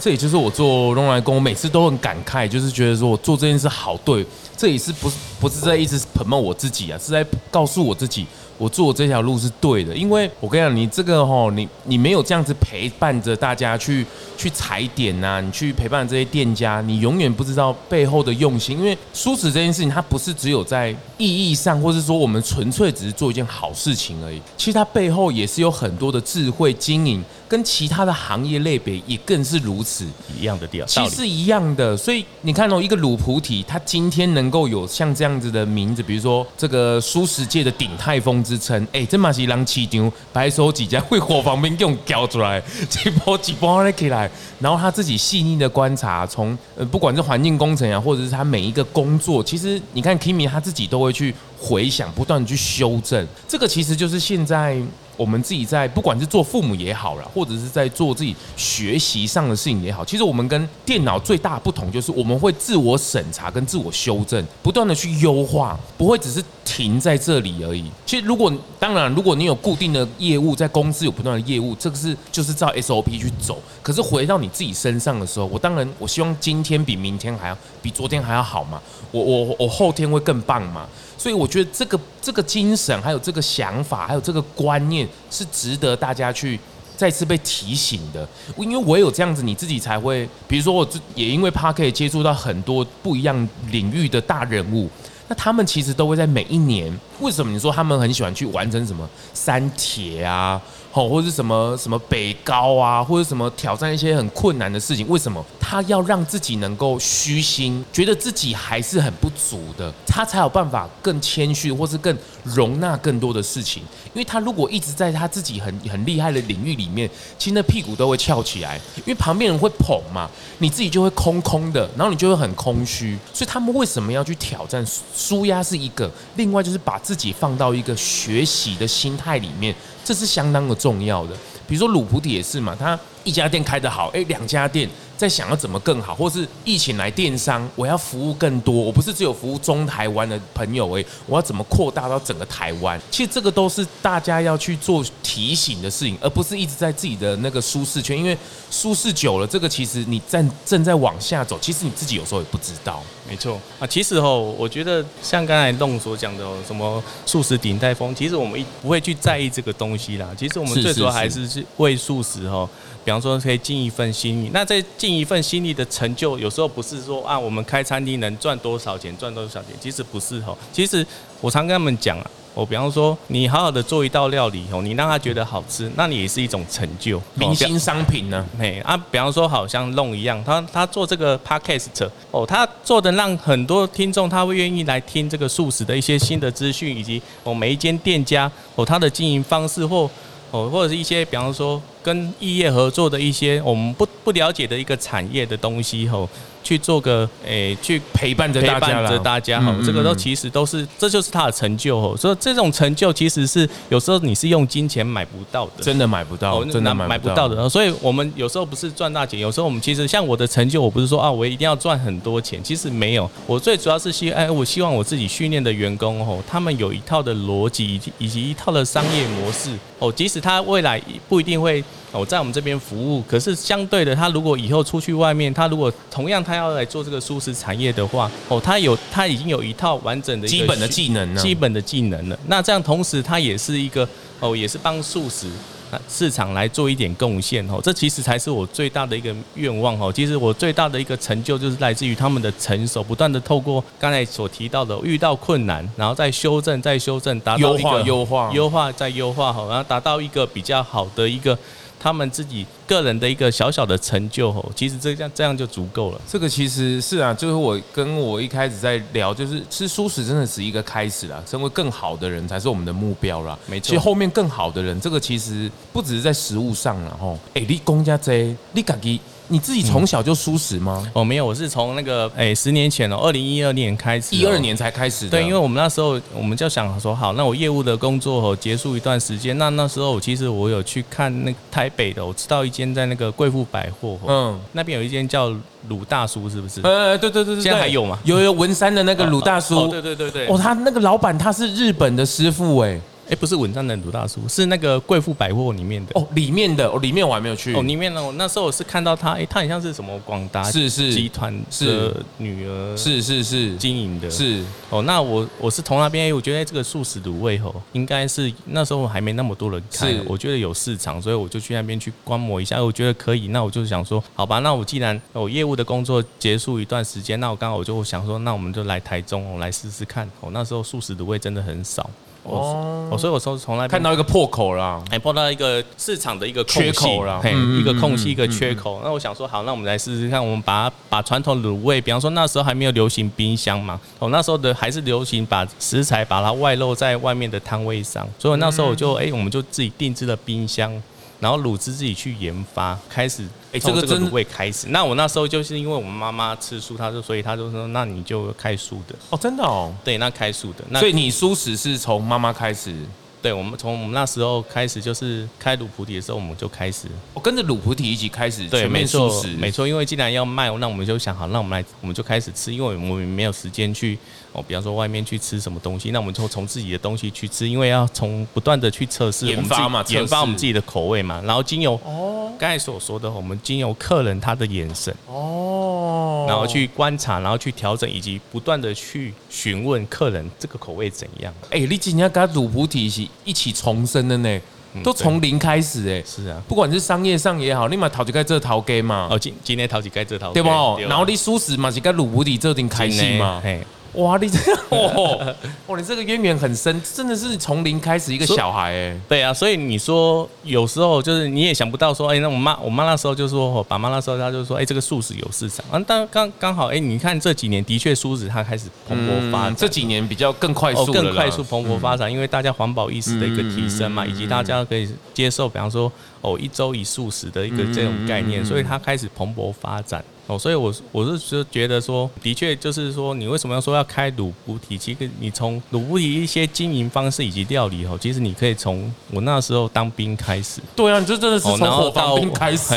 這也就是我做嚨來共，我每次都很感慨，就是覺得說我做這件事好對，這也是不是。不是在一直 promote 我自己啊，是在告訴我自己，我做這條路是對的。因為我跟你講，你這個哈、喔，你你沒有這樣子陪伴着大家去去踩點吶、啊，你去陪伴這些店家，你永遠不知道背後的用心。因為蔬食這件事情，它不是只有在意義上，或是說我們純粹只是做一件好事情而已。其實它背後也是有很多的智慧經營，跟其他的行業類別也更是如此一樣的道理。其實一樣的，所以你看哦、喔，一個滷菩提，他今天能夠有像這樣。這樣子的名字，比如說這個蔬食界的鼎泰豐之稱，哎、欸，這馬西郎七牛白手起家會火，旁邊用叼出來，一步一步這波一波的起來。然後他自己細膩的觀察，從呃不管是環境工程啊，或者是他每一個工作，其實你看 Kimi 他自己都會去回想，不斷的去修正。這個其實就是現在。我們自己在不管是做父母也好啦，或者是在做自己學習上的事情也好，其實我們跟電腦最大的不同就是我們會自我審查跟自我修正，不斷的去優化，不會只是停在這裡而已。其實如果當然，如果你有固定的業務，在公司有不斷的業務，這個是就是照 SOP 去走。可是回到你自己身上的時候，我當然我希望今天比明天還要，比昨天還要好嘛。我我我後天會更棒嘛。所以我覺得這個這個精神，還有這個想法，還有這個觀念，是值得大家去再次被提醒的。因為唯有這樣子，你自己才會，比如說我也因為 Podcast 接觸到很多不一樣領域的大人物，那他們其實都會在每一年。為什麼你說他們很喜歡去完成什麼三鐵啊？吼，或者是什麼什麼北高啊，或者什麼挑戰一些很困難的事情，為什麼他要讓自己能夠虛心，覺得自己還是很不足的，他才有辦法更謙虛，或是更容納更多的事情。因為他如果一直在他自己很很厲害的領域裡面，其實那屁股都會翹起來，因為旁邊人會捧嘛，你自己就會空空的，然後你就會很空虛。所以他們為什麼要去挑戰？舒壓是一個，另外就是把自己放到一個學習的心態裡面。這是相當的重要的，比如說滷菩提也是嘛，他一家店開得好，哎、欸，兩家店。在想要怎麼更好，或是疫情來電商，我要服務更多，我不是只有服務中台灣的朋友哎，我要怎麼擴大到整個台灣？其實這個都是大家要去做提醒的事情，而不是一直在自己的那個舒適圈，因為舒適久了，這個其實你正正在往下走，其實你自己有時候也不知道。沒錯啊，其實哦，我覺得像剛才 ZONG 所講的什麼素食頂帶風，其實我們一不會去在意這個東西啦，其實我們最主要還是是為素食哦，比方說可以盡一份心意，那在。盡一份心力的成就，有時候不是說啊，我們開餐廳能賺多少錢，賺多少錢。其實不是吼，其實我常跟他們講啊，哦比方說，你好好的做一道料理哦，你讓他覺得好吃，那你也是一種成就，明星商品呢、啊。欸啊，比方說好像 ZONG 一樣，他他做這個 podcast 哦，他做的讓很多聽眾他會願意來聽這個素食的一些新的資訊，以及哦每一間店家哦他的經營方式或哦或者是一些比方說。跟異業合作的一些我們不不了解的一個產業的東西吼，去做個誒、欸，去陪伴着大家了，大家好，嗯嗯嗯這個都其實都是，這就是他的成就哦。所以這種成就其實是有時候你是用金錢買不到的，真的買不到，哦、真的買不，買不到的。所以我們有時候不是賺大錢，有時候我們其實像我的成就，我不是說啊，我一定要賺很多錢，其實沒有，我最主要是希、哎、我希望我自己訓練的員工吼，他們有一套的邏輯以及以及一套的商業模式。哦，即使他未來不一定會哦在我們這邊服務，可是相對的，他如果以後出去外面，他如果同樣他要來做這個素食產業的話，哦，他有他已經有一套完整的基本的技能了，基本的技能了。那這樣同時他也是一個哦，也是幫素食。市場來做一點貢獻哦，這其實才是我最大的一個願望吼。其實我最大的一個成就就是來自於他們的成熟，不斷的透過剛才所提到的遇到困難，然後再修正、再修正，達到一個優化、優化、再優化，然後達到一個比較好的一個。他們自己個人的一個小小的成就吼，其實這樣這樣就足夠了。這個其實是啊，就是我跟我一開始在聊，就是吃素食真的是一個開始啦。成為更好的人才是我們的目標啦。沒錯。其實後面更好的人，這個其實不只是在食物上了吼。哎、欸，你講這些，你自己。你自己從小就蔬食嗎、嗯？哦，沒有，我是從那個哎、欸、十年前哦、喔，二零一二年開始、喔，一二年才開始。對，因為我們那時候我們就想說，好，那我業務的工作、喔、結束一段時間，那那時候我其實我有去看那台北的，我知道一間在那個貴婦百貨、喔，嗯，那邊有一間叫魯大叔，是不是？呃、欸，對對對對，對，現在還有嗎？有有文山的那個魯大叔、啊哦，對對對對，哦，他那個老闆他是日本的師傅，哎。哎，欸，不是文章的魯大叔，是那個貴婦百貨裡面的哦，裡面的哦，裡面我還沒有去哦，裡面呢，我那時候我是看到他，哎，欸，他好像是什麼廣達是是集團的女兒的，是是是經營的，是哦，那我我是從那邊，欸，我覺得這個素食滷味哦，應該是那時候還沒那麼多人，看是。我覺得有市場，所以我就去那邊去觀摩一下，我覺得可以，那我就想說，好吧，那我既然我，哦，業務的工作結束一段時間，那我剛好我就想說，那我們就來台中，我，哦，來試試看，哦，那時候素食滷味真的很少。Oh, 哦，所以我說從來看到一個破口了，啊，哎，碰到一個市場的一個缺口啦，啊。一個空隙，一個缺口。那我想說，好，那我們來試試看，我們把把傳統滷味，比方說那時候還沒有流行冰箱嘛，哦，那時候的還是流行把食材把它外露在外面的攤位上，所以我那時候我就哎、嗯嗯欸，我們就自己定制了冰箱。然後滷汁自己去研發，開始從這個滷味開始。那我那時候就是因為我們媽媽吃素，她就所以她就說，那你就開素的哦，真的哦，對，那開素的。那所以你素食是從媽媽開始，對，我們從我們那時候開始就是開滷菩提的時候，我們就開始。我、哦、跟着滷菩提一起開始，對，全面素食，沒錯，沒錯，因為既然要賣，那我們就想好，那我們來，我們就開始吃，因為我們沒有時間去。哦，比方說外面去吃什麼東西，那我們就從自己的東西去吃，因為要從不斷的去測試，研發嘛，研發我們自己的口味嘛。然後經由剛才所說的，我們經由客人他的眼神，哦，然後去觀察，然後去調整，以及不斷的去詢問客人這個口味怎樣。哎，你今天要跟滷菩提是一起重生的呢，都從零開始哎，是啊，不管是商業上也好，你馬桃子蓋這淘蓋嘛，哦，今今天桃子蓋這淘，對不對？對吧然後你蔬食嘛，是跟滷菩提這定開始嘛，嘿。哇，你這，哇、哦哦，你這個淵源很深，真的是從零開始一個小孩哎。對啊，所以你說有時候就是你也想不到說，哎，那我媽我媽那時候就說，爸媽那時候他就說，哎，這個素食有市場。啊，但剛剛好，哎，你看這幾年的確素食它開始蓬勃發展，嗯、這幾年比較更快速、哦，更快速蓬勃發展，嗯、因為大家環保意識的一個提升嘛，以及大家可以接受，比方說哦一週以素食的一個這種概念，嗯、所以它開始蓬勃發展。所以我，我我是覺得說，的確，就是說，你為什麼要說要開滷菩提？其實你從滷菩提一些經營方式以及料理哈，其實你可以從我那時候當兵開始。對啊，你這真的是從當兵開始，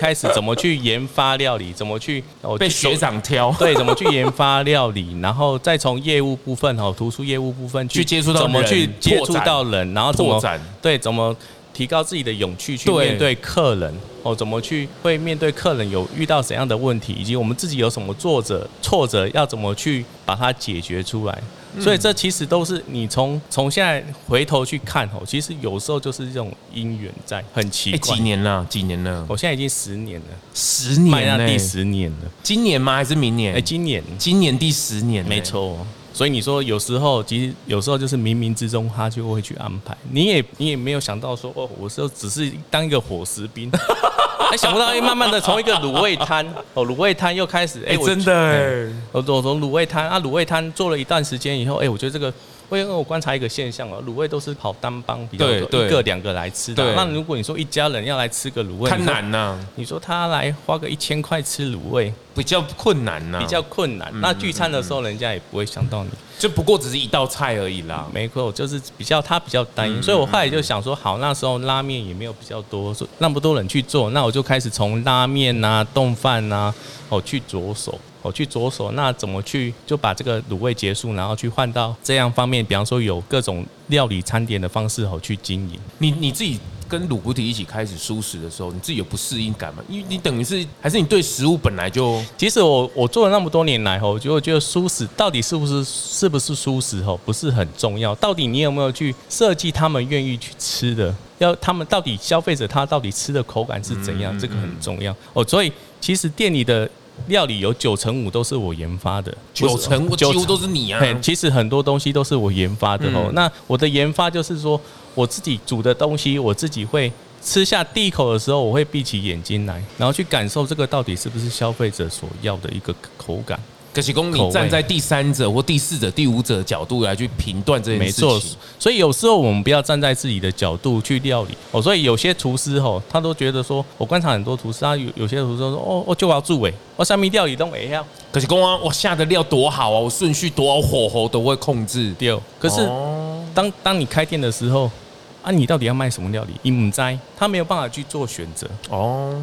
開始怎麼去研發料理？怎麼去被學長挑？對，怎麼去研發料理？然後再從業務部分哈，圖書業務部分去，去接觸到怎麼去接觸到人，然後拓展，對，怎麼？提高自己的勇氣去面對客人。對哦，怎麼去會面對客人，有遇到怎樣的問題，以及我們自己有什麼挫折挫折，挫折要怎麼去把它解決出來？嗯、所以這其實都是你從從現在回頭去看哦，其實有時候就是這種因緣在很奇怪。幾年了？幾年了？我、哦、現在已經十年了，十年呢？那第十年了？今年嗎？還是明年？哎，今年，今年第十年，沒錯、哦。所以你說，有時候其實有時候就是冥冥之中他就會去安排，你也你也沒有想到說哦，我說只是當一個伙食兵，還想不到哎、欸，慢慢的從一個滷味攤哦，滷味攤又開始哎、欸欸，真的哎、嗯，我從滷味攤啊，滷味攤做了一段時間以後哎、欸，我覺得這個。我因為我觀察一個現象哦，滷味都是跑單幫比較多，對對，一個兩個來吃的。對那如果你說一家人要來吃個滷味，太難吶、啊！你說，你說他來花個一千塊吃滷味，比較困難吶、啊。比較困難。嗯、那聚餐的時候，人家也不會想到你。就不過只是一道菜而已啦，沒錯，就是比較他比較單一，嗯、所以我後來就想說，好，那時候拉麵也沒有比較多，那麼多人去做，那我就開始從拉麵啊、燉飯啊，哦，去着手。去着手，那怎麼去就把這個滷味結束，然後去換到這樣方面，比方說有各種料理餐點的方式哦，去經營。你你自己跟滷菩提一起開始蔬食的時候，你自己有不適應感嗎？因為你等於是還是你對食物本來就……其實我我做了那麼多年來哦，就我覺得蔬食到底是不是是不是蔬食哦，不是很重要。到底你有沒有去設計他們願意去吃的？要他們到底消費者他到底吃的口感是怎樣？嗯嗯嗯這個很重要哦。所以其實店裡的。料理有九成五都是我研發的乘，九成五幾乎都是你啊。其實很多東西都是我研發的哦、喔。嗯、那我的研發就是說，我自己煮的東西，我自己會吃下第一口的時候，我會閉起眼睛來，然後去感受這個到底是不是消費者所要的一個口感。可是公，你站在第三者或第四者、第五者的角度來去評斷這件事情，沒錯。所以有時候我們不要站在自己的角度去料理。哦，所以有些廚師他都覺得說，我觀察很多廚師，他有有些廚師說，哦，我就要住尾，我三米料理都沒要。可是公啊，我下的料多好啊，我順序多少火候都會控制掉。可是當當你開店的時候，啊，你到底要賣什麼料理？你不在，他沒有辦法去做選擇哦，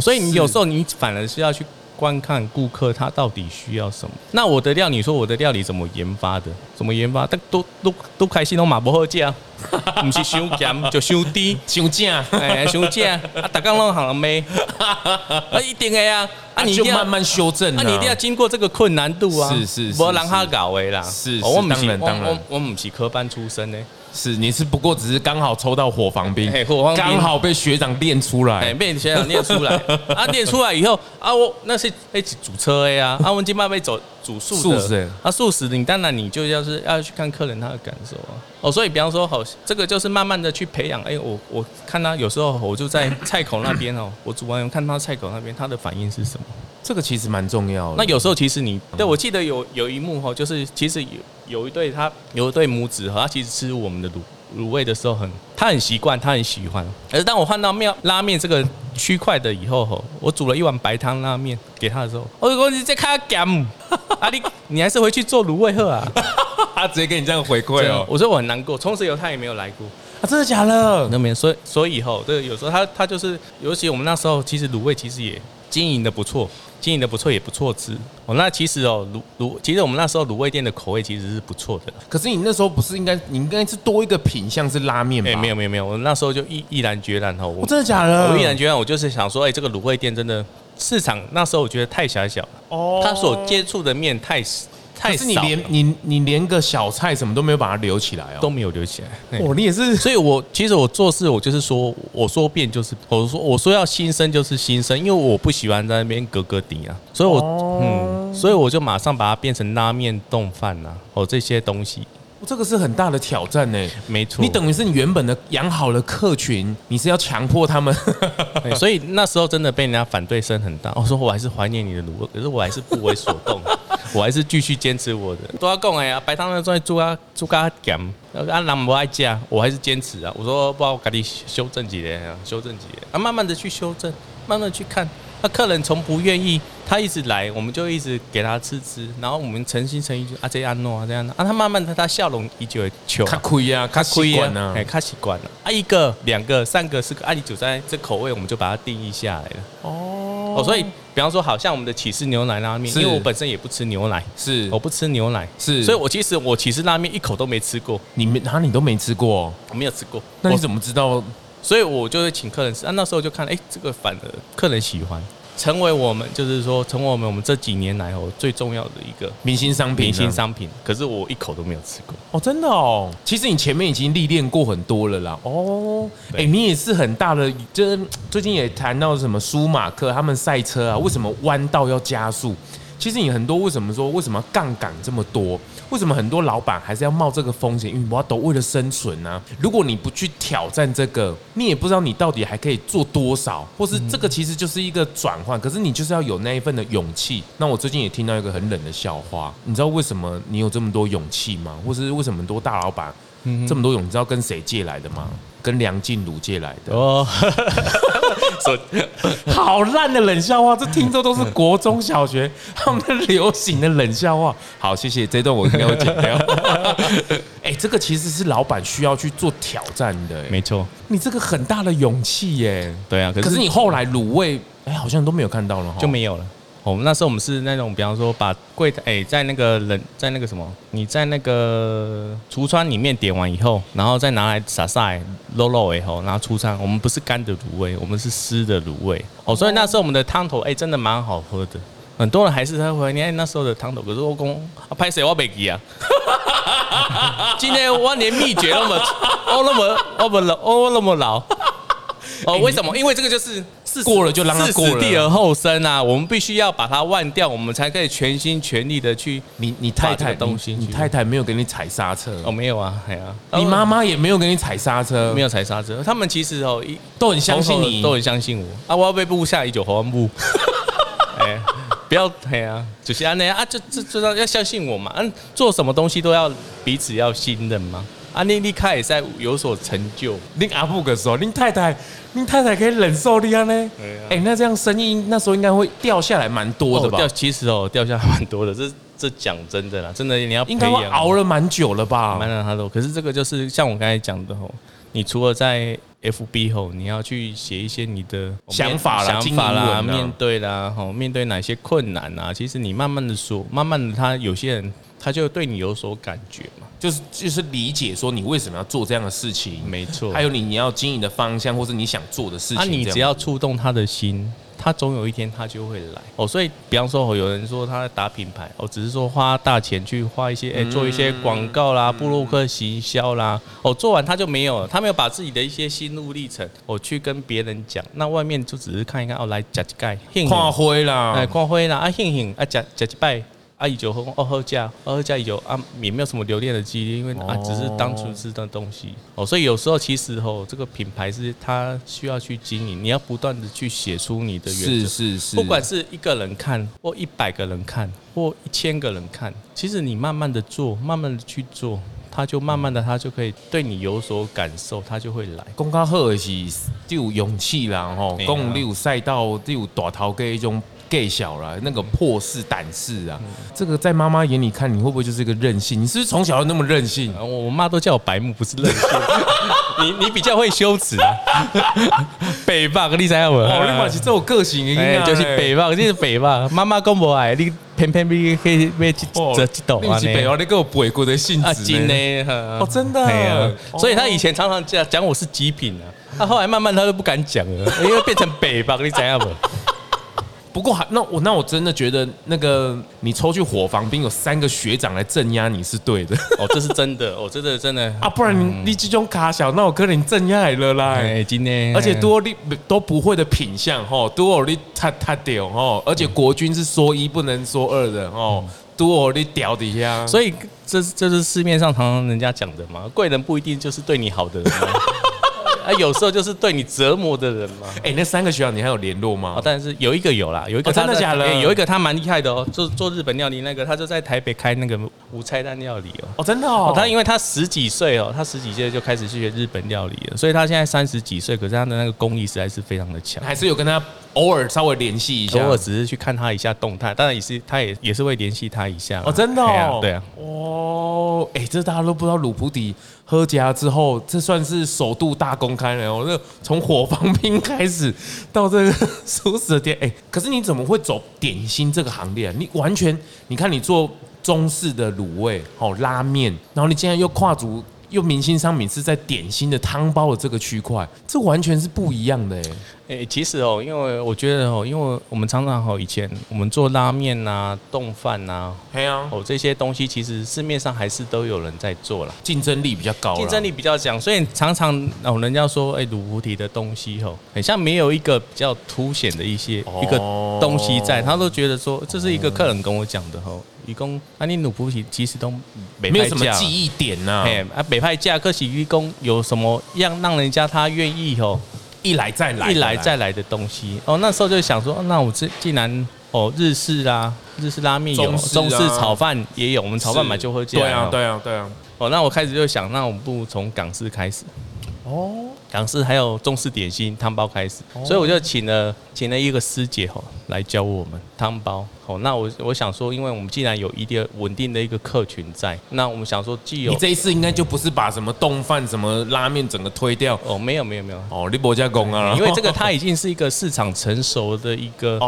所以你有時候你反而是要去。觀看顧客他到底需要什麼？那我的料理，你說我的料理怎麼研發的？怎麼研發？但都都都都開心都嘛不好吃啊，不是修減就修低修正，哎修、欸、正啊！大家都好了沒？啊，一定會啊！啊，啊你一定要就慢慢修正了，啊，你一定要經過這個困難度啊！是是，不讓他搞為啦。是，我唔是，是是哦、我我唔是科班出身呢。是你是不過只是剛好抽到伙房兵，剛、欸、好被學長練出來、欸，被學長練出來， 啊練出來以後啊我那是哎，煮車呀。啊，我煮啊， 啊我們今晚被走煮素食、欸。啊素食你當然你就要是要去看客人他的感受啊，哦所以比方說好，這個就是慢慢的去培養，哎、欸、我我看他有時候我就在菜口那邊哦， 我煮完看他菜口那邊他的反應是什麼，這個其實蠻重要的，那有時候其實你對我記得有有一幕哦，就是其實有。有一對他有一對母子，他其實吃我們的滷滷味的時候很，他很習慣，他很喜歡。而是當我換到麵拉麵這個區塊的以後吼，我煮了一碗白湯拉麵給他的時候，我就說你這卡鹹， 啊你你還是回去做滷味喝啊， 他直接跟你這樣回饋哦、喔。我說我很難過，從此以後他也沒有來過啊，真的假的？沒有、嗯。所以所以吼，對，有時候他他就是，尤其我們那時候其實滷味其實也經營得不錯。經營的不錯也不錯，吃哦，那其實哦，滷滷，其實我們那時候滷味店的口味其實是不錯的。可是你那時候不是應該，你應該是多一個品項是拉麵。嗎、欸、沒有沒有沒有，我那時候就毅毅然決然吼，我、哦、真的假的？我毅然決然，我就是想說，哎、欸，這個滷味店真的市場那時候我覺得太狹小,小了，他、哦、所接觸的面太但是，你連少你你連個小菜什麼都沒有把它留起來啊、哦，都沒有留起來。哦，你也是，所以我，我其實我做事我就是說，我說變就是我說我說要新生就是新生，因為我不喜歡在那邊格格底啊，所以我、哦、嗯，所以我就馬上把它變成拉麵、丼飯吶，哦，這些東西。這個是很大的挑戰呢，沒錯。你等於是你原本的養好了客群，你是要強迫他們，所以那時候真的被人家反對聲很大。我說我還是懷念你的滷味，可是我還是不為所動，我還是繼續堅持我的。都要講哎呀，白湯的在煮咖煮咖講，啊，阿郎不愛吃，我還是堅持啊。我說，不，我趕緊修正幾年，修正幾年啊，慢慢的去修正，慢慢的去看。那客人從不願意，他一直來，我們就一直給他吃吃，然後我們誠心誠意就阿傑阿諾啊這樣的啊，啊，啊，他慢慢的他笑容依舊，求他虧啊，他虧慣了，哎，他習慣了，啊一個兩個三個四個，阿里久在這口味我們就把它定義下來了哦，哦，所以比方說，好像我們的起司牛奶拉麵，是因為我本身也不吃牛奶，是，是我不吃牛奶，是，所以我其實我起司拉麵一口都沒吃過，你沒啊你都沒吃過，我沒有吃過，那你怎麼知道？所以我就會請客人吃，啊，那時候就看，哎、欸，這個反而客人喜歡成、就是，成為我們就是說成為我們我們這幾年來哦最重要的一個明星商品。明星商品，可是我一口都沒有吃過。哦，真的哦。其實你前面已經歷練過很多了啦。哦，哎對、欸，你也是很大的，就是最近也談到什麼舒馬克他們賽車啊，為什麼彎道要加速？其實你很多為什麼說為什麼槓桿這麼多？為什麼很多老闆還是要冒這個風險？因為我要都為了生存啊！如果你不去挑戰這個，你也不知道你到底還可以做多少，或是這個其實就是一個轉換，可是你就是要有那一份的勇氣。那我最近也聽到一個很冷的笑話，你知道為什麼你有這麼多勇氣嗎？或是為什麼很多大老闆這麼多勇？你知道跟誰借來的嗎？嗯哼嗯跟梁靜茹借來的哦，好爛的冷笑話，這聽着都是國中小學他們流行的冷笑話。好，謝謝，這一段我肯定要剪掉。哎，這個其實是老闆需要去做挑戰的，沒錯。你這個很大的勇氣耶！對啊。可是你後來滷味，哎，好像都沒有看到了，就沒有了。哦，那時候我們是那種，比方說把櫃台哎，在那個冷，在那個什麼，你在那個櫥窗裡面點完以後，然後再拿來灑灑漏漏哎吼，然後出餐。我們不是乾的滷味，我們是濕的滷味。哦，所以那時候我們的湯頭哎、欸，真的蠻好喝的。很多人還是會，你、欸、看那時候的湯頭。可是我工啊，拍誰我沒記啊。 今天我連秘訣那麼，哦那麼哦不老哦那麼老。哦、欸，為什麼？你因為這個就是。過了就讓他過了。死地而後生啊！我們必須要把它忘掉，我們才可以全心全力的去。你你太太你，你太太沒有給你踩剎車哦,、啊、哦，沒有啊，啊哦、你媽媽也沒有給你踩剎車，沒有踩剎車。他們其實哦，一都很相信你，都很相信我。啊，我要被布下一九紅布。哎，不要，哎呀，就是啊，就是、這樣啊就就就要相信我嘛，嗯，做什麼東西都要彼此要信任嘛。阿尼、啊，你看也在有所成就。你阿布的時候，你太太，你太太可以忍受這樣呢？哎、啊欸，那這樣生意那時候應該會掉下來蠻多的吧、哦？掉，其實哦，掉下來蠻多的。這這講真的啦，真的你要應該也熬了蠻久了吧？蠻久、嗯，他說。可是這個就是像我剛才講的吼、哦，你除了在 FB 後、哦，你要去寫一些你的想法啦、經啦、經啦、面對啦、吼、哦，面對哪些困難啦、啊。其實你慢慢的說，慢慢的他有些人。他就對你有所感覺嘛，就是就是理解說你為什麼要做這樣的事情，沒錯錯。還有你你要經營的方向，或是你想做的事情。那、啊、你只要觸動他的心，他總有一天他就會來哦。Oh, 所以，比方說、哦，有人說他在打品牌，哦，只是說花大錢去花一些，欸、做一些廣告啦，部落客行銷啦，哦，做完他就沒有了，他沒有把自己的一些心路歷程，我、哦、去跟別人講，那外面就只是看一看，哦，來夾一蓋，看灰啦，哎，看灰啦，啊，幸運啊，夾夾一拜。阿一九和工二後價二後價一九啊、哦哦、啊也沒有什麼留戀的幾率，因為啊只是當初吃的東西哦，所以有時候其實吼、哦、這個品牌是它需要去經營，你要不斷的去寫出你的原則，不管是一個人看或一百個人看或一千個人看，其實你慢慢的做，慢慢的去做，它就慢慢的它就可以對你有所感受，它就會來。公開賀是就勇氣啦吼，公開賽道，就有大頭哥一種。gay 小了，那個破事膽事啊，這個在媽媽眼裡看你會不會就是一個任性？你是不是從小就那麼任性？我我媽都叫我白目，不是任性。你你比較會羞恥啊，北吧？你知道嗎？哦，其實這種個性應該、啊、就是北吧，就是北吧。媽媽講不矮，你偏偏被被被折折到你。你北哦，你夠北國的性質的哦，真的、啊。啊、所以他以前常常講講我是極品啊，啊，他後來慢慢他都不敢講了，因為變成北吧？你知道嗎？不過還那我那我真的覺得那個你抽去伙房兵有三個學長來鎮壓你是對的哦，這是真的哦，真的真的啊，不然你你這種卡小，那我可能鎮壓了啦。今天、欸，欸、而且多力都不會的品相哦，多、喔、我太太屌哦，而且國軍是說一不能說二的哦，喔嗯、多我屌底下，所以這是這是市面上常常人家講的嘛，貴人不一定就是對你好的人。人。 啊， 有時候就是對你折磨的人嘛。哎、欸，那三個學校你還有聯絡嗎？喔。但是有一個有啦，有一個、喔、真的假的？欸，有一個他蠻厲害的哦、喔，就是做日本料理那個，他就在台北開那個無菜單料理哦、喔。哦、喔，真的哦、喔。他、喔、因為他十幾歲哦、喔，他十幾歲就開始去學日本料理了，所以他現在三十幾歲，可是他的那個工藝實在是非常的強。還是有跟他偶爾稍微聯繫一下，偶爾只是去看他一下動態，當然也是他也也是會聯繫他一下哦、喔，真的哦、喔啊，對啊，哦、喔，哎、欸，這大家都不知道滷菩提。喝起來之後，這算是首度大公開了。我那從伙房兵開始，到這個熟食店，哎、欸，可是你怎麼會走點心這個行列？你完全，你看你做中式的滷味、好拉麵，然後你竟然又跨足。用明星商品是在點心的湯包的這個區塊，這完全是不一樣的哎、欸欸。其實哦、喔，因為我覺得哦、喔，因為我們常常吼、喔、以前我們做拉麵吶、啊、丼飯吶，對啊，哦、喔、這些東西其實市面上還是都有人在做啦，競爭力比較高，競爭力比較強，所以常常哦人家說哎滷菩提的東西吼、喔，很、欸、像沒有一個比較凸顯的一些、哦、一個東西在，他都覺得說這是一個客人跟我講的吼、喔。漁工啊，你滷腐皮其實都沒沒什麼記憶點吶、啊。哎，啊，北派價可是漁工有什麼讓讓人家他願意哦，一來再來，來一來再來的東西哦？那時候就想說，哦、那我這既然哦日式啊，日式拉麵有，中式，啊、中式炒飯也有，我們炒飯買是就會加、哦。對啊，對啊，對啊。哦，那我開始就想，那我們不如從港式開始。哦，港式還有中式點心湯包開始，哦、所以我就請了請了一個師姐吼、哦、來教我們湯包。哦，那我我想說，因為我們既然有一定的穩定的一個客群在，那我們想說，既有你這一次應該就不是把什麼丼飯，什麼拉麵整個推掉哦，沒有沒有沒有哦，你不加工啊，因為這個它已經是一個市場成熟的一個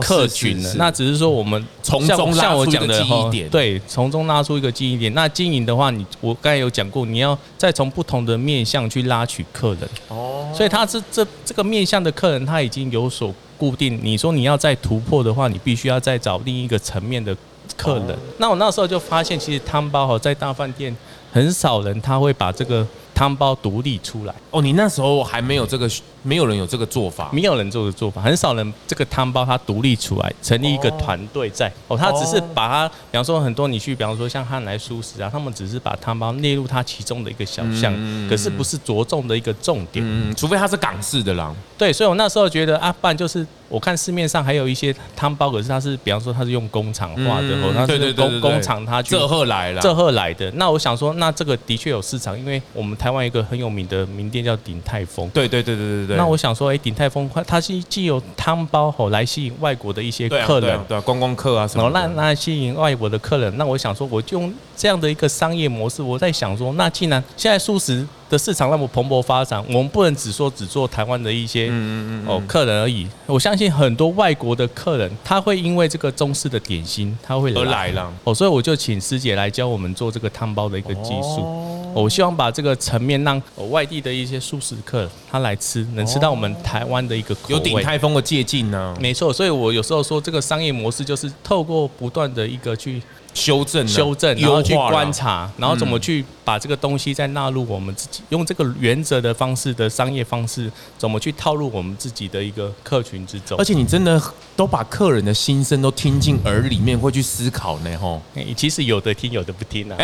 客群了。哦，是是是，那只是說我們從中拉出一個記憶點。對，從中拉出一個記憶點。那經營的話，你我剛才有講過，你要再從不同的面向去拉取客人哦，所以他是這這，這個面向的客人他已經有所。固定，你說你要再突破的話，你必須要再找另一個層面的客人。那我那時候就發現，其實湯包齁，在大飯店很少人他會把這個。湯包獨立出來哦，你那時候還沒有這個，對沒有人有這個做法，沒有人做的做法，很少人這個湯包它獨立出來，成立一個團隊在哦,哦，他只是把它，哦、比方說很多你去，比方說像漢來蔬食啊，他們只是把湯包列入他其中的一個小項，嗯、可是不是着重的一個重點、嗯，除非他是港式的啦。對，所以我那時候覺得阿半、啊、就是。我看市面上還有一些湯包，可是它是，比方說它是用工廠化的，吼，它是工工廠它熱貨來了，熱貨來的。那我想說，那這個的確有市場，因為我們台灣一個很有名的名店叫鼎泰豐。對對對對對對。那我想說，哎，鼎泰豐，它它是既有湯包吼來吸引外國的一些客人，對對，觀光客啊什麼，那那吸引外國的客人，那，那我想說，我就用這樣的一個商業模式，我在想說，那既然現在素食。市場那麼蓬勃發展，我們不能只說只做台灣的一些哦客人而已。我相信很多外國的客人，他會因為這個中式的點心，他會而來了哦。所以我就請師姐來教我們做這個湯包的一個技術。我希望把這個層面讓外地的一些素食客他來吃，能吃到我們台灣的一個有鼎泰豐的借鑑呢。沒錯，所以我有時候說這個商業模式就是透過不斷的一個去。修正、修正，然後去觀察，然後怎麼去把這個東西再納入我們自己用這個原則的方式的商業方式，怎麼去套入我們自己的一個客群之中？而且你真的都把客人的心聲都聽進耳裡面，會去思考呢？吼，其實有的聽，有的不聽，啊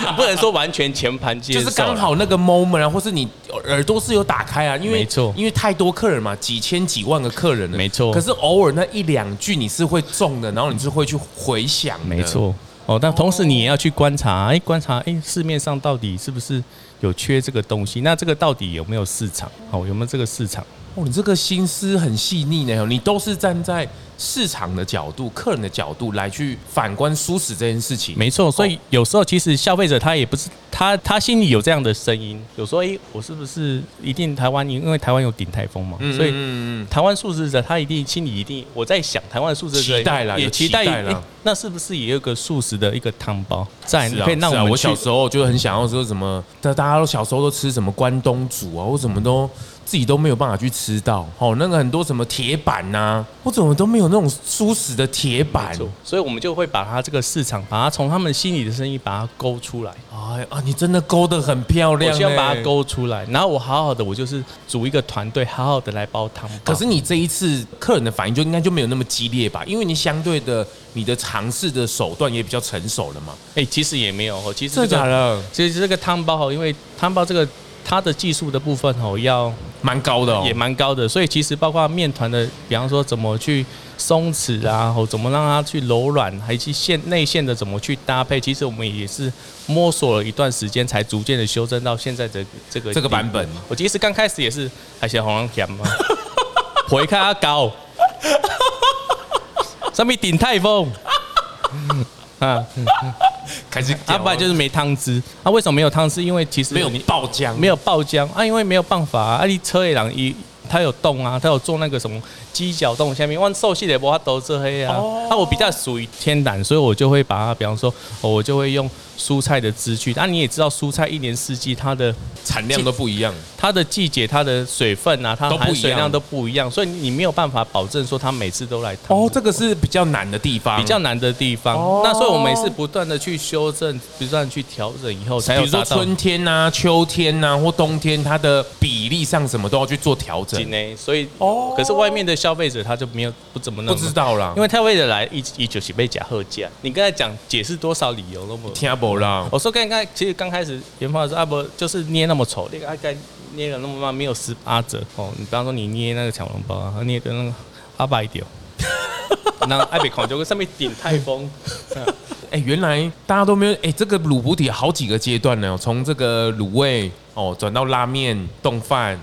你不能說完全全盤接，就是剛好那個 moment 啊，或是你耳朵是有打開啊，因為沒錯 錯，因為太多客人嘛，幾千幾萬個客人了，沒錯 錯。可是偶爾那一兩句你是會中的，然後你是會去回想，沒錯。哦，但同時你也要去觀察，哎、欸，觀察、欸，市面上到底是不是有缺這個東西？那這個到底有沒有市場？哦、有沒有這個市場？哦，你這個心思很細膩呢，你都是站在。市場的角度、客人的角度來去反觀蔬食這件事情，沒錯。所以有時候其實消費者他也不是他他心裡有這樣的聲音，有時候哎，我是不是一定台灣因為台灣有頂颱風嘛，嗯嗯嗯嗯，所以台灣素食者他一定心裡一定我在想台灣素食者期待了，也期待了、欸。那是不是也有一個素食的一個湯包？在，你可以讓我們去，那我小時候就很想要說什麼，大家都小時候都吃什麼關東煮啊，或什麼都。自己都沒有辦法去吃到，哦，那個很多什麼鐵板吶、啊，我怎麼都沒有那種蔬食的鐵板，所以我們就會把它這個市場，把它從他們心裡的生意把它勾出來。哎啊，你真的勾得很漂亮，我需要把它勾出來，然後我好好的，我就是組一個團隊，好好的來包湯包。可是你這一次客人的反應就應該就沒有那麼激烈吧？因為你相對的你的嘗試的手段也比較成熟了嘛。哎、欸，其實也沒有，其實、這個、其實這個湯包哈，因為湯包這個。他的技術的部分吼，要蠻高的，哦，也蠻高的，所以其實包括麵團的，比方說怎麼去鬆弛啊，吼，怎麼讓它去柔軟，還去線內餡的怎麼去搭配，其實我們也是摸索了一段時間，才逐漸的修正到現在的這個這個版本。我其實剛開始也是還是紅狼舔嘛，回看阿高，上面頂颱風。啊， 開始阿吃不、啊、就是沒湯汁、啊？那為什麼沒有湯汁？因為其實沒有爆漿，沒有爆漿啊，因為沒有辦法啊。啊，你車尾狼一，它有洞啊，它有做那個什麼犄角洞下面，萬瘦系的不它都是黑啊,啊。那我比較屬於天然，所以我就會把它，比方說，我就會用。蔬菜的支具，那你也知道，蔬菜一年四季它的產量都不一樣，它的季節、它的水分啊，它的含水量都不一樣，所以你沒有辦法保證說它每次都來。哦，這個是比較難的地方，比較難的地方。哦，那所以我每次不斷的去修正，不斷去調整以後，才有達到，比如說春天啊、秋天啊或冬天，它的比例上什麼都要去做調整。所以哦，可是外面的消費者他就沒有不怎麼不知道了，因為他為了來一一九四八假特價，你剛才講解釋多少理由都不聽不。我說，剛剛其實剛開始研發的時候，阿伯就是捏那麼醜，那個阿伯捏了那麼慢，沒有十八折哦。你比方說，你捏那個小籠包，捏的那個阿伯一點，那阿伯可能就會上面鼎泰豐。哎，原來大家都沒有哎、欸，這個滷菩提好幾個階段呢，從這個滷味哦轉到拉麵、凍飯，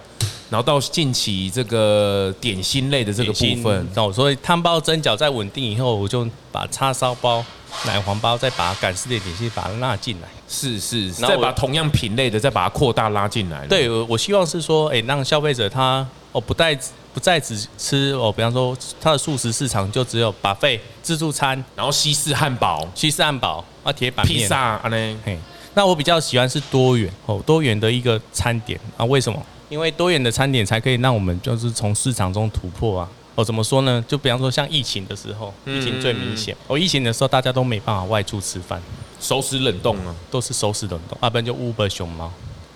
然後到近期這個點心類的這個部分。哦，所以湯包、蒸餃在穩定以後，我就把叉燒包。奶黃包，再把它港式的點心，把它拉進來。是是，是，然後再把同樣品類的，再把它擴大拉進來。對，我我希望是說，哎，讓消費者他哦，不再不再只吃哦，比方說他的素食市場就只有 buffet 自助餐，然後西式漢堡、西式漢堡啊、鐵板披薩啊嘞。嘿，那我比較喜歡是多元哦，多元的一個餐點啊。為什麼？因為多元的餐點才可以讓我們就是從市場中突破啊。哦，怎麼說呢？就比方說像疫情的時候，嗯、疫情最明顯。嗯、哦，疫情的時候大家都沒辦法外出吃飯，熟食冷凍啊、嗯，都是熟食冷凍啊，不然就 Uber 熊貓。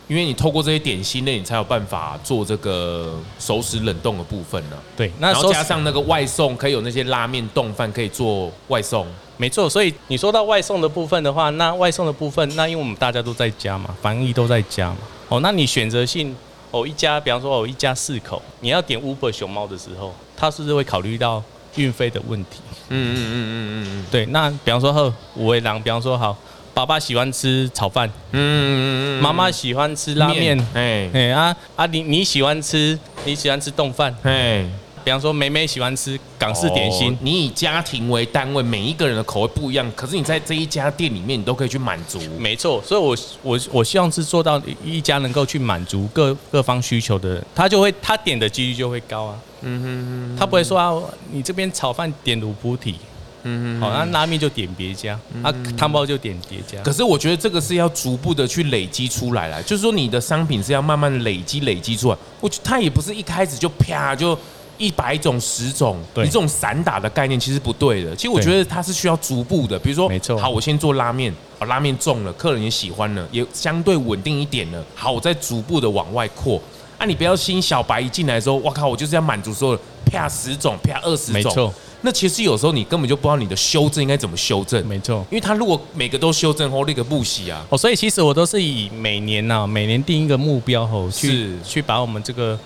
因為你透過這些點心類，你才有辦法做這個熟食冷凍的部分呢、啊。對，那加上那個外送，可以有那些拉麵、丼飯可以做外送。嗯、沒錯，所以你說到外送的部分的話，那外送的部分，那因為我們大家都在家嘛，防疫都在家嘛。哦，那你選擇性哦，一家，比方說哦，一家四口，你要點 Uber 熊貓的時候。他是不是會考慮到運費的問題？嗯，嗯嗯嗯嗯嗯對。那比方說呵，五味郎，比方說好，爸爸喜歡吃炒飯、嗯，嗯嗯嗯，媽媽喜歡吃拉麵面，哎哎嘿啊啊，你你喜歡吃，你喜歡吃丼飯，哎。比方說，妹妹喜歡吃港式點心。Oh, 你以家庭為單位，每一個人的口味不一樣，可是你在這一家店裡面，你都可以去滿足。沒錯，所以我，我我我希望是做到一家能夠去滿足各各方需求的人，他就會他點的幾率就會高啊。嗯哼、mm，hmm, mm hmm. 他不會說啊，你這邊炒飯點滷菩提嗯哼。好、mm，那、hmm, mm hmm. 啊、拉麵就點別家，啊，湯包就點別家。Mm hmm. 可是我覺得這個是要逐步的去累積出來了，就是說你的商品是要慢慢累積累積出來。我覺得他也不是一開始就啪就。一百種、十種，對 你這種散打的概念其實不對的。其實我覺得它是需要逐步的，比如說，好，我先做拉麵，拉麵中了，客人也喜歡了，也相對穩定一點了。好，我再逐步的往外擴。啊，你不要新小白一進來說，哇，靠，我就是要滿足說，啪十種，啪二十種。那其實有時候你根本就不知道你的修正應該怎麼修正，沒錯，因為他如果每個都修正後那個不行啊，哦，所以其實我都是以每年吶、啊，每年定一個目標後去是 去把我們這個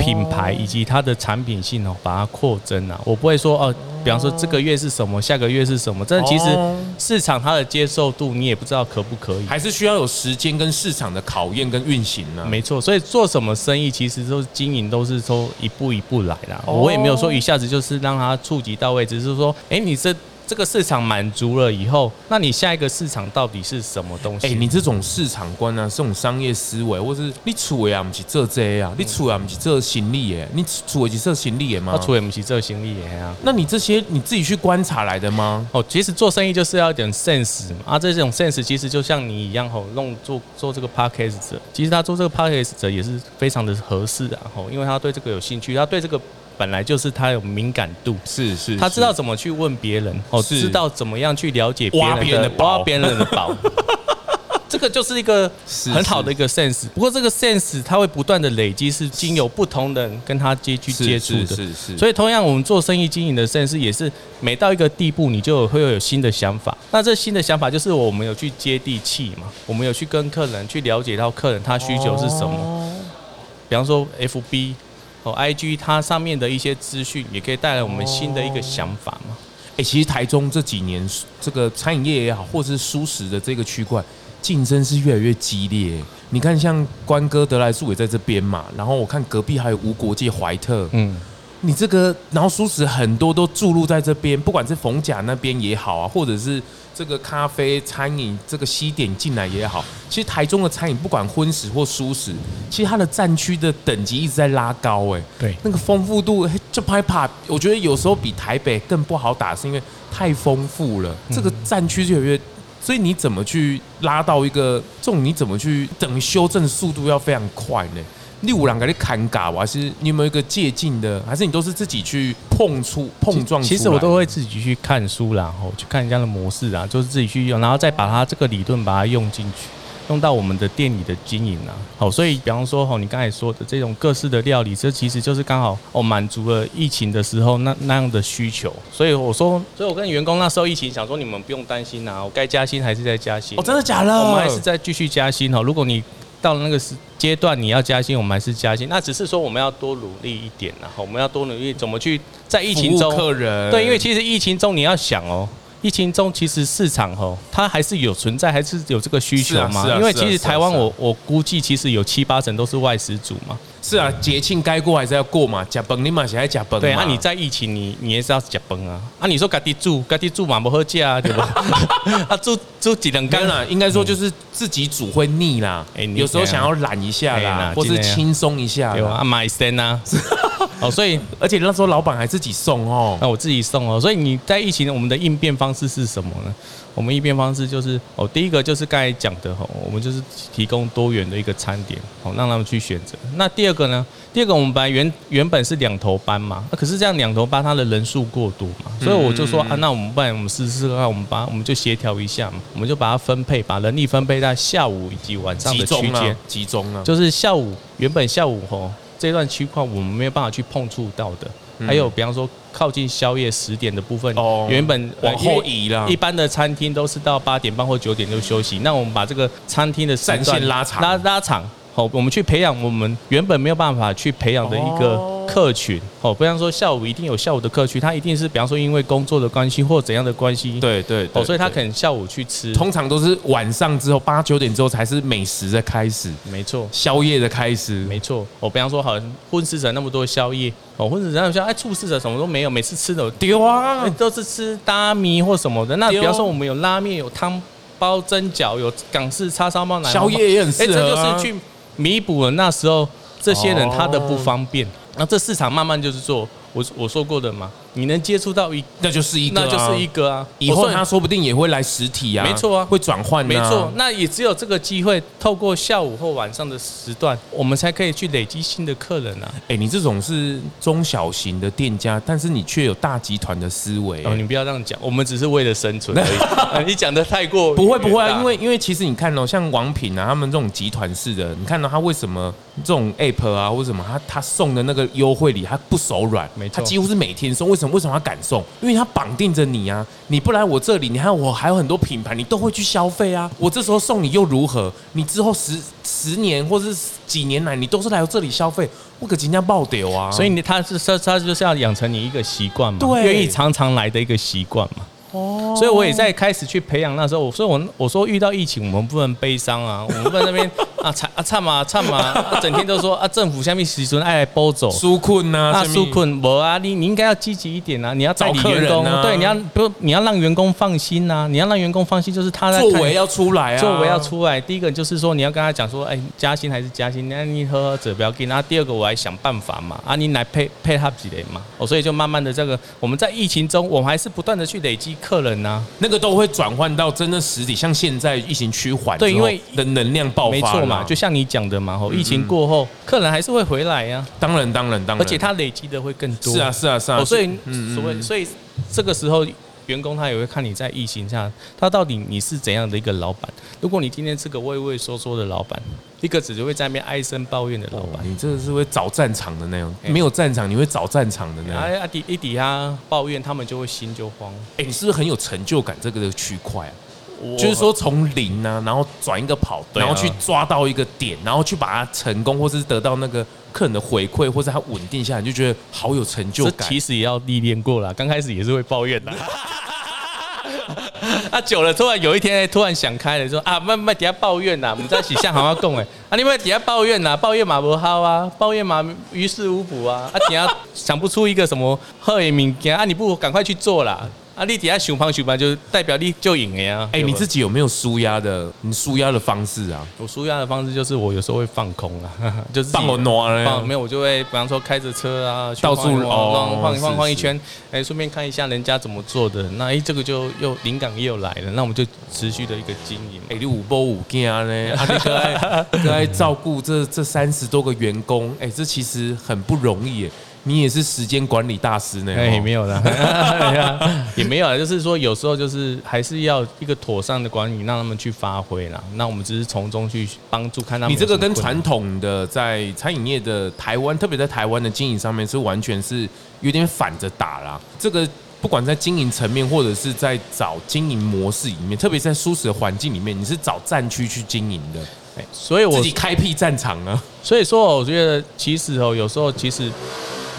品牌以及它的產品性哦、啊，把它擴增啊，我不會說哦、啊。比方說這個月是什麼，下個月是什麼？真的。其實市場它的接受度你也不知道可不可以，還是需要有時間跟市場的考驗跟運行呢。沒錯，所以做什麼生意其實都經營都是說一步一步來啦。Oh. 我也沒有說一下子就是讓它觸及到位，只、就是說，哎，你這。這個市場滿足了以後，那你下一個市場到底是什麼東西？哎、欸，你這種市場觀啊，這種商業思維，或是你家裡不是做這個、啊，你家裡不是做行李耶，你家裡是做行李耶嗎？家裡不是做行李耶啊！那你這些你自己去觀察來的嗎？哦，其實做生意就是要一點 sense 嘛。啊，這種 sense 其實就像你一樣哦，弄做做這個 podcast 者，其實他做這個 podcast 者也是非常的合適啊哦，因為他對這個有興趣，他對這個。本來就是他有敏感度。是是，是是他知道怎麼去問別人，哦是，知道怎麼樣去了解別人的挖別人的寶，挖別人的寶 這個就是一個很好的一個 sense。不過這個 sense 它會不斷的累積，是經由不同人跟他接去接觸的，是是。是是是，所以同樣我們做生意經營的 sense 也是每到一個地步，你就會有新的想法。那這新的想法就是我們有去接地氣嘛，我們有去跟客人去了解到客人他需求是什麼。哦，比方說 FB。哦，I G 它上面的一些資訊也可以帶來我們新的一個想法嘛？誒、哦欸，其實台中這幾年這個餐飲業也好，或者是蔬食的這個區塊，競爭是越來越激烈。你看，像關哥德萊素也在這邊嘛，然後我看隔壁還有無國界、懷特，嗯。你這個然後蔬食很多都注入在這邊，不管是逢甲那邊也好啊，或者是這個咖啡、餐飲、這個西點進來也好。其實台中的餐飲，不管葷食或蔬食，其實它的戰區的等級一直在拉高，哎，對，那個豐富度就拍怕。我覺得有時候比台北更不好打，是因為太豐富了。這個戰區就有越，所以你怎麼去拉到一個這種？你怎麼去等修正的速度要非常快呢？你五郎給你砍嘎還是你有沒有一個借鏡的？還是你都是自己去碰觸、碰撞出來的？其實我都會自己去看書啦，然後、喔、去看人家的模式啊，就是自己去用，然後再把它這個理論把它用進去，用到我們的店裡的經營啊。好，所以比方說，哦、喔，你剛才說的這種各式的料理，這其實就是剛好哦，喔、滿足了疫情的時候那那樣的需求。所以我說，所以我跟員工那時候疫情想說，你們不用擔心啊，我該加薪還是在加薪？哦、喔，真的假的？我們還是在繼續加薪哦、喔。如果你到了那個時階段，你要加薪，我們還是加薪。那只是說，我們要多努力一點，然後我們要多努力，怎麼去服務客人在疫情中，對，因為其實疫情中你要想哦，疫情中其實市場哦，它還是有存在，還是有這個需求嘛。啊啊、因為其實台灣，我、啊啊啊、我估計其實有七八成都是外食族嘛。是啊，節慶該過還是要過嘛，加班，你嘛上要加班。對啊，你在疫情你你也是要加班啊。啊，你說家己煮，家己煮嘛不好吃啊，對吧？啊， 煮煮幾頓乾啊，應該說就是自己煮會膩啦。嗯、有時候想要懶一下啦，啦或是輕鬆一下。對啊，買、啊、生啊。哦， 所以而且那時候老闆還自己送哦、喔，那我自己送哦、喔。所以你在疫情我們的應變方式是什麼呢？我們應變方式就是哦、喔，第一個就是剛才講的哈、喔，我們就是提供多元的一個餐點，哦、喔，讓他們去選擇。那第二個呢？第二個我們班原原本是兩頭班嘛，那、啊、可是這樣兩頭班它的人數過多嘛，所以我就說、嗯、啊，那我們不然我們試試看我們把我們就協調一下嘛，我們就把它分配，把人力分配在下午以及晚上的區間，集中了，就是下午原本下午哈、喔、這段區塊我們沒有辦法去碰觸到的，嗯、還有比方說。靠近宵夜十點的部分，原本往後移了。一般的餐廳都是到八點半或九點就休息。那我們把這個餐廳的戰線拉長，拉拉長。好，我們去培養我們原本沒有辦法去培養的一個。客群哦，比方說下午一定有下午的客群，他一定是比方說因為工作的關係或怎樣的關係，對對，對，所以他可能下午去吃，通常都是晚上之後八九點之後才是美食的開始，沒錯，宵夜的開始，沒錯我比方說，好像葷食者那麼多宵夜哦，葷食者宵，哎，素食者什麼都沒有，每次吃的丟啊、哎，都是吃大米或什麼的。那比方說，我們有拉麵，有湯包、蒸餃，有港式叉燒包，宵夜也很適合。哎，這就是去彌補了那時候這些人他的不方便。哦那、啊、這市場慢慢就是做，我我說過的嘛。你能接觸到一，那就是一個，那就是一個啊！個啊以後他說不定也會來實體啊，沒錯啊，會轉換、啊。沒錯，那也只有這個機會，透過下午或晚上的時段，我們才可以去累積新的客人啊！哎、欸，你這種是中小型的店家，但是你卻有大集團的思維哦、欸，你不要這樣講，我們只是為了生存而已。 你講得太過，不會不會啊！因為因為其實你看哦、喔，像王品啊，他們這種集團式的，你看到、喔、他為什麼這種 app 啊或什麼他，他他送的那個優惠禮，他不手軟，沒錯錯，他幾乎是每天送為什麼？為什麼，為什麼要敢送？因為他綁定着你啊！你不來我這裡，你看我還有很多品牌，你都會去消費啊！我這時候送你又如何？你之後十十年，或是幾年來，你都是來到這裡消費，我可直要爆掉啊！所以他是他他就是要養成你一個習慣嘛，願對意常常來的一個習慣嘛。哦，oh. 所以我也在開始去培養那時候，所以我說我我說遇到疫情，我們不能悲傷啊，我們不能那邊 啊唱啊唱嘛唱嘛，整天都說啊政府下面始終愛來播走蘇困吶啊蘇、啊、麼困，我啊你你應該要積極一點啊，你要找領員工，啊、對你要不你要讓員工放心吶、啊，你要讓員工放心就是他在作為要出來、啊，作為要出來，第一個就是說你要跟他講說，哎、欸，加薪還是加薪，那你喝喝者不要給啊，第二個我還想辦法嘛，啊你來配配他幾類嘛，哦所以就慢慢的這個我們在疫情中，我們還是不斷的去累積。客人吶、啊，那個都會轉換到真的實體，像現在疫情趨緩，對，因為的能量爆發沒錯嘛，就像你講的嘛，吼、嗯嗯，疫情過後，客人還是會回來呀、啊，當然當然當然，而且它累積的會更多，是啊是啊是啊，是啊是啊，所以所以所以這個時候。員工他也會看你在疫情下，他到底你是怎樣的一個老闆？如果你今天是個畏畏縮縮的老闆，一個只是會在那邊唉聲抱怨的老闆，哦，你這個是會找戰場的那種，嗯、沒有戰場你會找戰場的那種。啊、嗯，抵一抵啊，抱怨他們就會心就慌。哎、欸，你是不是很有成就感這個區塊，啊、很就是說從零呢、啊，然後轉一個跑，然後去抓到一個點，然後去把它成功，或者是得到那個。客人的回饋，或者他穩定下來，你就覺得好有成就感。其實也要歷練過了，剛開始也是會抱怨的。 啊，久了，突然有一天，突然想開了，說啊，慢慢底下抱怨啦，我們在洗象好好供哎，啊，另外底下抱怨吶、啊，抱怨嘛不好啊，抱怨嘛於事無補啊，啊，底下想不出一個什麼賀言明天啊，你不如趕快去做啦啊，你底下熊盤熊盤，就代表你就贏了呀。哎、欸，吧你自己有沒有紓壓的？你紓壓的方式啊？我紓壓的方式就是我有時候會放空啊， 就是己放我挪了。沒有，我就會，比方說開着車啊，去到處晃一晃，晃、哦、一圈，哎，是順、欸、便看一下人家怎麼做的。那哎、欸，這個就又靈感又來了。那我們就持續的一個經營。哎、欸，五波五件呢，阿弟哥在照顧這這三十多個員工，哎、欸，這其實很不容易哎。你也是時間管理大師呢？哎，沒有啦， 也沒有啊。就是說，有時候就是還是要一個妥善的管理，讓他們去發揮啦。那我們只是從中去幫助，看到你這個跟傳統的在餐飲業的台灣，特別在台灣的經營上面是完全是有點反着打啦。這個不管在經營層面，或者是在找經營模式裡面，特別在舒適的環境裡面，你是找戰區去經營的。哎，所以我自己開闢戰場呢。所以說，我覺得其實哦，有時候其實。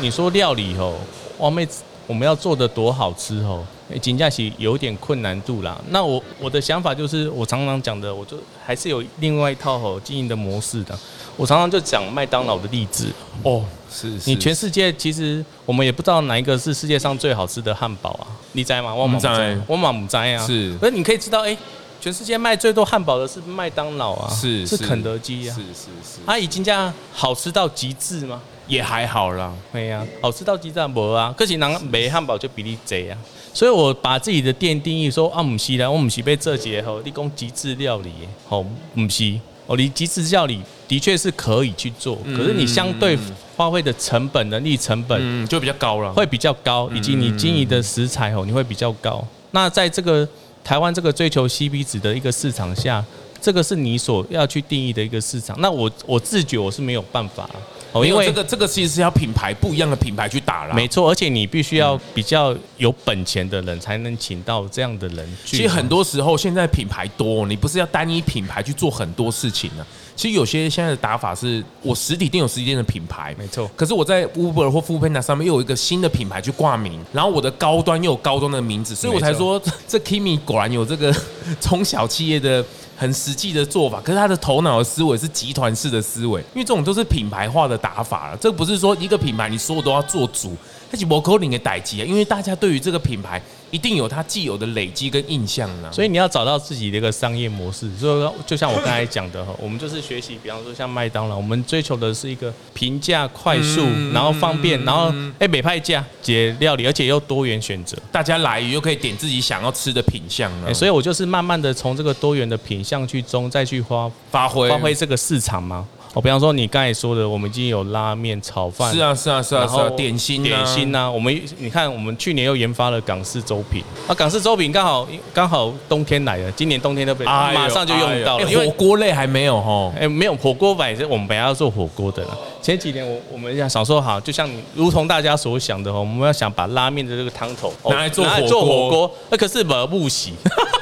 你說料理吼，汪妹子，我們要做的多好吃吼？金價其實有點困難度啦。那我我的想法就是，我常常講的，我就還是有另外一套吼經營的模式的。我常常就講麥當勞的例子、嗯、哦，是，是你全世界其實我們也不知道哪一個是世界上最好吃的漢堡啊？你在嗎？汪爾在？汪爾在姆摘啊？是。那你可以知道，哎、欸，全世界賣最多漢堡的是麥當勞啊？是是。是，是肯德基啊？是是是。它、啊、已經這樣好吃到極致嗎？也還好了，呀、啊，好吃到雞蛋沒啊？可是人家沒漢堡就比你賊啊，所以我把自己的店定義說啊，姆西，的，我姆西被這幾吼提供極致料理，好姆西，哦，你極致料理的確是，是可以去做，可是你相對花費的成本、能力成本就比較高了，會比較高，以及你經營的食材吼，你會比較高。那在這個台灣這個追求 C P 值的一個市場下，這個是你所要去定義的一個市場。那我我自覺我是沒有辦法。哦，因為這個這個其實是要品牌不一樣的品牌去打了，沒錯，而且你必須要比較有本錢的人才能請到這樣的人去。嗯、其實很多時候現在品牌多，你不是要單一品牌去做很多事情呢、啊？其實有些現在的打法是我實體店有實體店的品牌，沒錯錯，可是我在 Uber 或 Foodpanda 上面又有一個新的品牌去掛名，然後我的高端又有高端的名字，所以我才說錯 這 Kimi 果然有這個從小企業的。很實際的做法，可是他的頭腦的思維是集團式的思維，因為這種都是品牌化的打法了。這不是說一個品牌你所有都要做主，他怎麼可能給打擊啊？因為大家對於這個品牌一定有它既有的累積跟印象呢、啊，所以你要找到自己的一個商業模式。所以說，就像我剛才講的哈，我們就是學習，比方說像麥當勞，我們追求的是一個平價、快速，嗯、然後方便，然後哎，每派價解料理，而且又多元選擇，大家來又可以點自己想要吃的品項了、啊欸。所以我就是慢慢的從這個多元的品項去中再去發發揮揮發揮這個市場嘛。我比方說，你剛才說的，我們已經有拉麵、炒飯，是啊是啊是啊是啊，點心、啊嗯啊、點心吶、啊，我們你看，我們去年又研發了港式粥品。啊，港式粥品剛好剛好冬天來了，今年冬天都被馬上就用到了。因為火鍋類還沒有吼，哎，沒有火鍋版，我們本來要做火鍋的了。前幾年我我們想說，好，就像如同大家所想的哦，我們要想把拉麵的這個湯頭、哦、拿來做火鍋，那可是不行，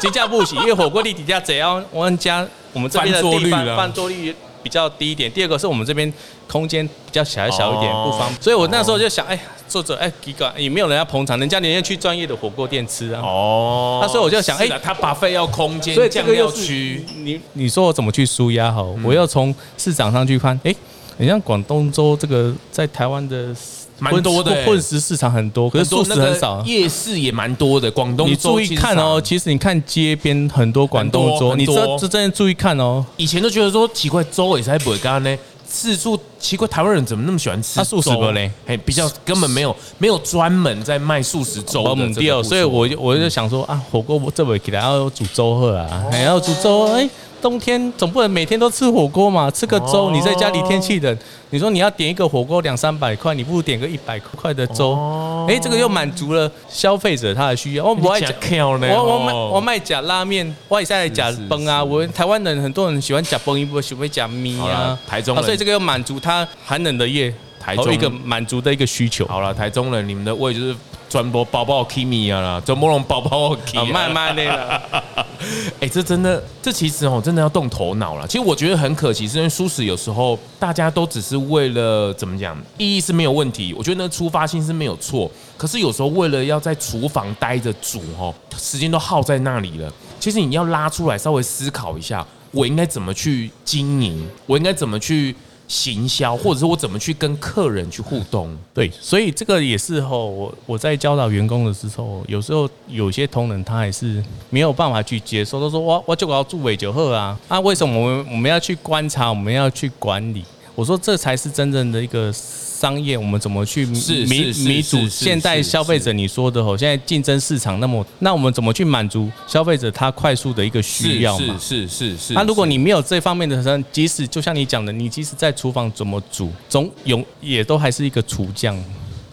定價不行，因為火鍋的定價怎樣，我們家我們這邊的翻桌率了，比較低一點，第二個是我們這邊空間比較狹小，小，小一點，oh. 不方便。所以我那時候就想，哎、oh. 欸，做做，哎、欸，幾個也沒有人要捧場，人家寧願去專業的火鍋店吃啊。哦，oh. 所以我就想，哎啦，他 buffet 要空間，所以這要區、就是。你你說我怎麼去紓壓好？嗯、我要從市場上去看，哎、欸，你像廣東粥這個在台灣的。蠻多的葷食市場很多，可是素食很少。夜市也蠻多的，廣東你注意看喔。其實你看街邊很多廣東粥，你要是真的注意看喔。以前都覺得說奇怪，粥也是在北港呢，自助。奇怪，台灣人怎麼那麼喜歡吃？他素食不嘞？還比較根本沒有沒有專門在賣素食粥的。所以我就我就想說啊，火鍋我這回給大家煮粥喝啊，還要煮粥哎。冬天總不能每天都吃火鍋嘛，吃個粥。你在家裡天氣冷，你說你要點一個火鍋兩三百塊，你不如點個一百塊的粥。哎，這個又滿足了消費者他的需要。我賣假拉麵，我我賣假拉麵，我以假崩啊。我台灣人很多人喜歡假崩一波，喜歡假米啊。台中，所以這個又滿足他寒冷的夜，台一個滿足的一個需求。哦啊啊、好了，台中人，你們的胃就是。傳播包包 Kimi 啊啦，傳播龍包包 Kimi 啊，慢慢的啦。哎、 欸，這真的，這其實哦，真的要動頭腦了。其實我覺得很可惜，是因為蔬食有時候大家都只是為了怎麼講，意義是沒有問題。我覺得那個出發性是沒有錯，可是有時候為了要在廚房待着煮哦，時間都耗在那裡了。其實你要拉出來稍微思考一下，我應該怎麼去經營，我應該怎麼去。行銷，或者是我怎麼去跟客人去互動？對，所以這個也是吼、喔，我我在教導員工的時候，有時候有些同仁他還是沒有辦法去接受，他說我：“我我就我要煮味就好啊，啊，為什麼我們我們要去觀察，我們要去管理？”我說，這才是真正的一個商業，我們怎麼去彌彌足現代消費者？你說的吼，現在競爭市場那麼，那我們怎麼去滿足消費者他快速的一個需要嘛？是是是是。如果你沒有這方面的，即使就像你講的，你即使在廚房怎麼煮，總有也都還是一個廚匠。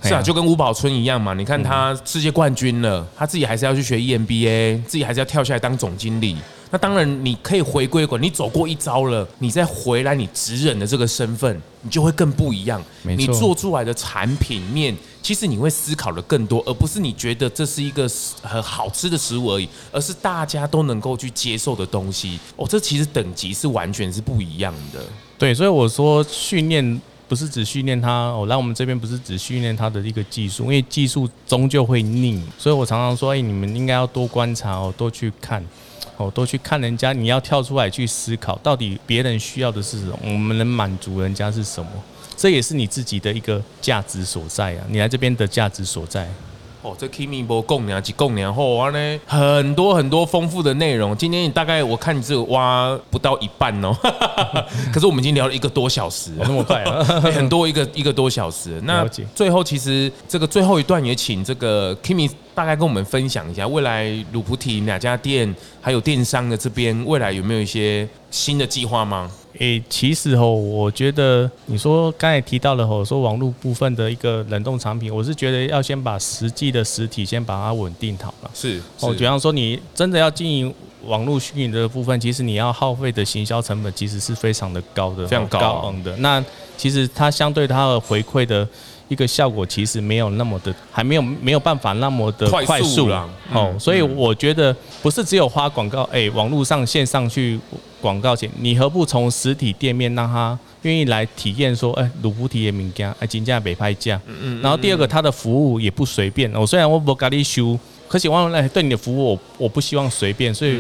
是啊，就跟吳寶春一樣嘛。你看他世界冠軍了，他自己還是要去學 EMBA，自己還是要跳下來當總經理。當然，你可以回歸，過你走過一遭了，你再回來，你職人的這個身份，你就會更不一樣。錯你做出來的產品面，其實你會思考的更多，而不是你覺得這是一個很好吃的食物而已，而是大家都能夠去接受的東西。哦，這其實等級是完全是不一樣的。對，所以我說訓練不是只訓練他，哦、喔，來我們這邊不是只訓練他的一個技術，因為技術終究會膩。所以我常常說，哎、欸，你們應該要多觀察哦、喔，多去看。哦，都去看人家，你要跳出來去思考，到底別人需要的是什麼，我們能滿足人家是什麼？這也是你自己的一個價值所在啊，你來這邊的價值所在。哦、這 Kimi 不播幾幾共年後挖呢？很多很多豐富的內容。今天你大概我看你只有挖不到一半哦。可是我們已經聊了一個多小時，欸，那麼快很多一個一個多小時。那最後其實這個最後一段也請這個 Kimi 大概跟我們分享一下未來滷菩提哪家店，還有電商的這邊未來有沒有一些新的計劃嗎？誒、欸，其實哦，我覺得你說剛才提到了吼，說網絡部分的一個冷凍產品，我是覺得要先把實際的實體先把它穩定好了。是，是哦，比方說你真的要經營網絡虛擬的部分，其實你要耗費的行銷成本其實是非常的高的，非常高啊，高昂的。那其實它相對它的回饋的。一個效果其實沒有那麼的，還沒有沒有辦法那麼的快速了。哦，所以我覺得不是只有花廣告，哎，網絡上線上去廣告錢，你何不從實體店面讓他願意來體驗？說，哎，滷菩提的東西，哎，金價北派價。嗯嗯。然後第二個，它的服務也不隨便。我雖然我不咖喱修。可喜萬來對你的服務我，我不希望隨便，所以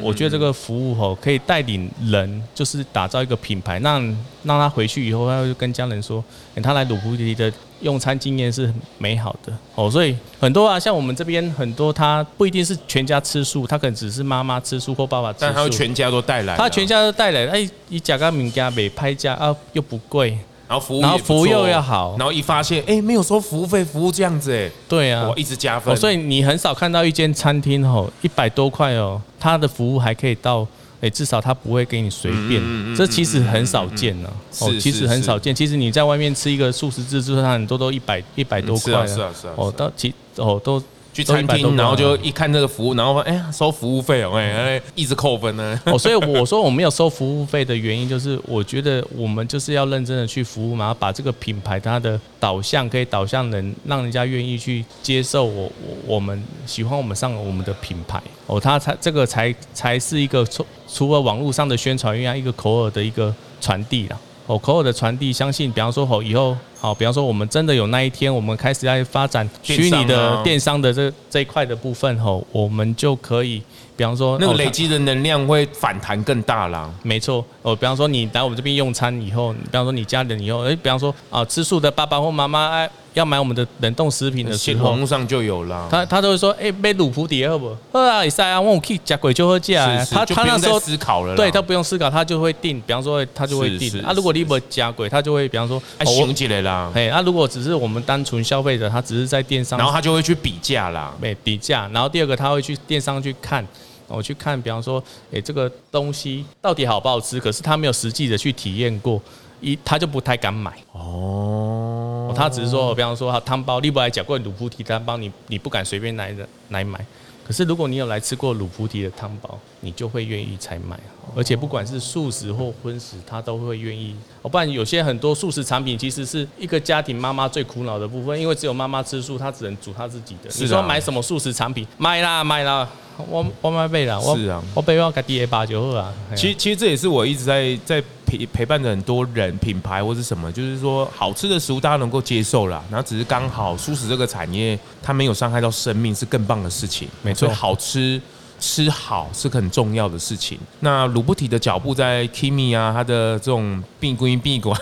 我覺得這個服務吼可以帶領人，就是打造一個品牌，讓讓他回去以後，他會跟家人說，他來滷菩提的用餐經驗是很美好的哦。所以很多啊，像我們這邊很多，他不一定是全家吃素，他可能只是媽媽吃素或爸爸吃素，但他全，他全家都帶來他，他全家都帶來，哎，以價格、明家、美拍價啊，又不貴。然後服務，然後服務又要好，然後一發現，哎、欸，沒有收服務費，服務這樣子，哎，對啊，我一直加分，所以你很少看到一間餐廳吼，一百多塊哦，它的服務還可以到，哎、欸，至少他不會給你隨便，嗯嗯、這其實很少見了、啊，哦、嗯，其實很少見，其實你在外面吃一個素食自助餐，很多都一百一百多塊、啊，啊啊啊啊、哦，到其哦都。去餐廳，然後就一看這個服務，然後哎、欸，收服務費哦，哎，一直扣分呢、啊。所以我說我沒有收服務費的原因，就是我覺得我們就是要認真的去服務嘛，把這個品牌它的導向可以導向能讓人家願意去接受我我我們喜歡我們上我們的品牌哦，它才這個才才是一個除除了網絡上的宣傳以外一個口耳的一個傳遞啦哦，口口的傳遞，相信比，比方說，吼，以後，好，比方說，我們真的有那一天，我們開始在發展虛擬的電商的這商這一塊的部分，吼，我們就可以，比方說，那個累積的能量會反彈更大啦，哦。沒錯，哦，比方說你來我們這邊用餐以後，比方說你家人以後，誒，比方說啊，吃素的爸爸或媽媽哎。要買我們的冷凍食品的時候，網絡上就有啦。他他都會說，哎，買滷菩提好不好？好啊，也是啊，我可以加、啊、貴就會加。他他那時候思考了，對他不用思考，他就會定。比方說，他就會定。啊，啊，如果你不加鬼，他就會，比方說、啊哦我，哎，我起來啦。」哎，啊，如果只是我們單純消費者，他只是在電商，然後他就會去比價啦，對，比價。然後第二個，他會去電商去看，我去看，比方說，哎，這個東西到底好不好吃？可是他沒有實際的去體驗過。一他就不太敢買哦，他只是說，比方說他湯包，你不來講過滷菩提湯包，你你不敢隨便來來買。可是如果你有來吃過滷菩提的湯包，你就會願意才買。而且不管是素食或葷食，他都會願意。哦，不然有些很多素食產品其實是一個家庭媽媽最苦惱的部分，因為只有媽媽吃素，她只能煮她自己的。你說買什麼素食產品，買啦買啦，我我買貝啦，我我貝要搞 DA 八九二啊。其實其實這也是我一直在在。陪伴着很多人，品牌或是什麼，就是說好吃的食物大家能夠接受啦，然後只是剛好，素食這個產業它沒有傷害到生命，是更棒的事情，沒錯，好吃。吃好是個很重要的事情。那滷菩提的腳步在 Kimi 啊，他的這種病歸病關，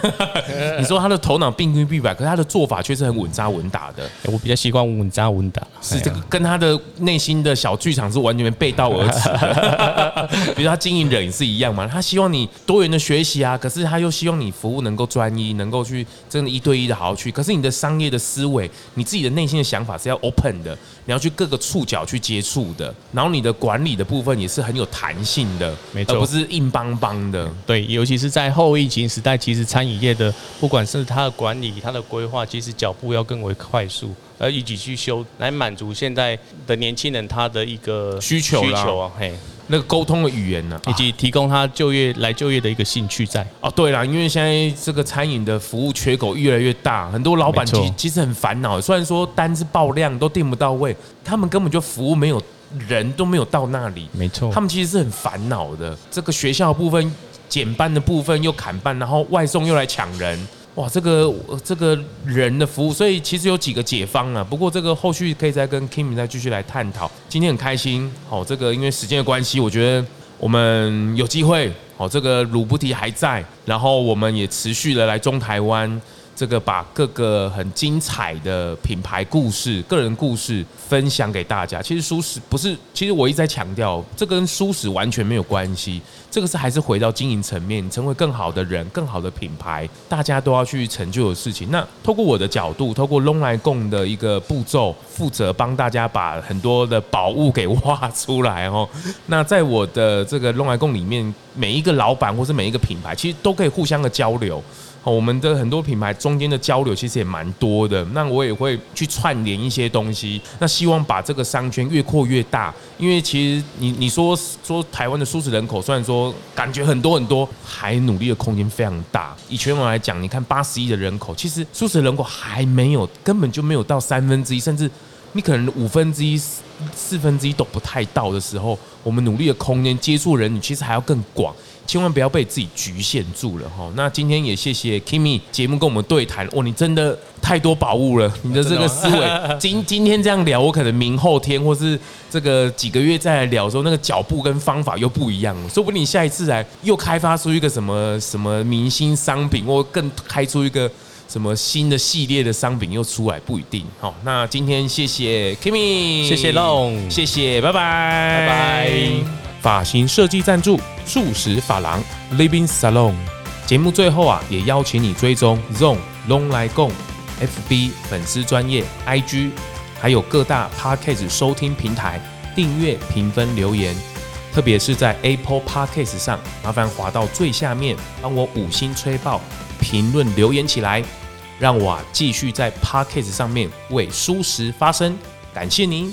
你說他的頭腦病歸病關，可是他的做法卻是很穩扎穩打的。我比較習慣穩扎穩打，是這個跟他的內心的小劇場是完全背道而馳。比如他經營人也是一樣嘛，他希望你多元的學習啊，可是他又希望你服務能夠專一，能夠去真的一對一的好好去。可是你的商業的思維，你自己的內心的想法是要 open 的。你要去各個觸角去接觸的，然後你的管理的部分也是很有彈性的，沒錯，而不是硬邦邦的。對，尤其是在後疫情時代，其實餐飲業的不管是它的管理、它的規劃，其實腳步要更為快速，而一起去修來滿足現在的年輕人他的一個需求啦，需求啊，嘿。那個溝通的語言呢、啊啊，以及提供他就業來就業的一個興趣在哦、啊，對了，因為現在這個餐飲的服務缺口越來越大，很多老闆其實、沒錯、其實很煩惱。雖然說單子爆量都訂不到位，他們根本就服務沒有人都沒有到那裡，沒錯錯，他們其實是很煩惱的。這個學校的部分減班的部分又砍班，然後外送又來搶人。哇，這個這個人的服務，所以其實有幾個解方啊。不過這個後續可以再跟 Kimi 再繼續來探討。今天很開心，哦，這個因為時間的關係，我覺得我們有機會，哦，這個滷菩提還在，然後我們也持續的來中台灣，這個把各個很精彩的品牌故事、個人故事分享給大家。其實蔬食不是，其實我一直在強調，這個、跟蔬食完全沒有關係。這個是還是回到經營層面，成為更好的人、更好的品牌，大家都要去成就的事情。那透過我的角度，透過嚨來共的一個步驟，負責幫大家把很多的寶物給挖出來哦。那在我的這個嚨來共裡面，每一個老闆或是每一個品牌，其實都可以互相的交流。好，我們的很多品牌中間的交流其實也蠻多的，那我也會去串聯一些東西，那希望把這個商圈越擴越大。因為其實你你說說台灣的素食人口，雖然說感覺很多很多，還努力的空間非常大。以全網來講，你看八十億的人口，其實素食人口還沒有，根本就沒有到三分之一，3，甚至你可能五分之一、四分之一都不太到的時候，我們努力的空間接觸人你其實還要更廣。千萬不要被自己局限住了哈。那今天也謝謝 Kimi 節目跟我們對談，哦，你真的太多寶物了，你的這個思維。今今天這樣聊，我可能明後天或是這個幾個月再來聊的時候，那個腳步跟方法又不一樣了。說不定你下一次來又開發出一個什麼什麼明星商品，或更開出一個什麼新的系列的商品又出來，不一定。好，那今天謝謝 Kimi，謝謝 Long，謝謝，拜，拜拜，拜。髮型設計贊助，素食髮廊 Liebling Salon。節目最後啊，也邀請你追蹤 ZONG 嚨來共 FB 粉絲專業 IG，還有各大 Podcast 收聽平台訂閱、評分、留言。特別是在 Apple Podcast 上，麻煩滑到最下面，幫我五星吹爆，評論留言起來，讓我啊繼續在 Podcast 上面為蔬食發聲。感謝您。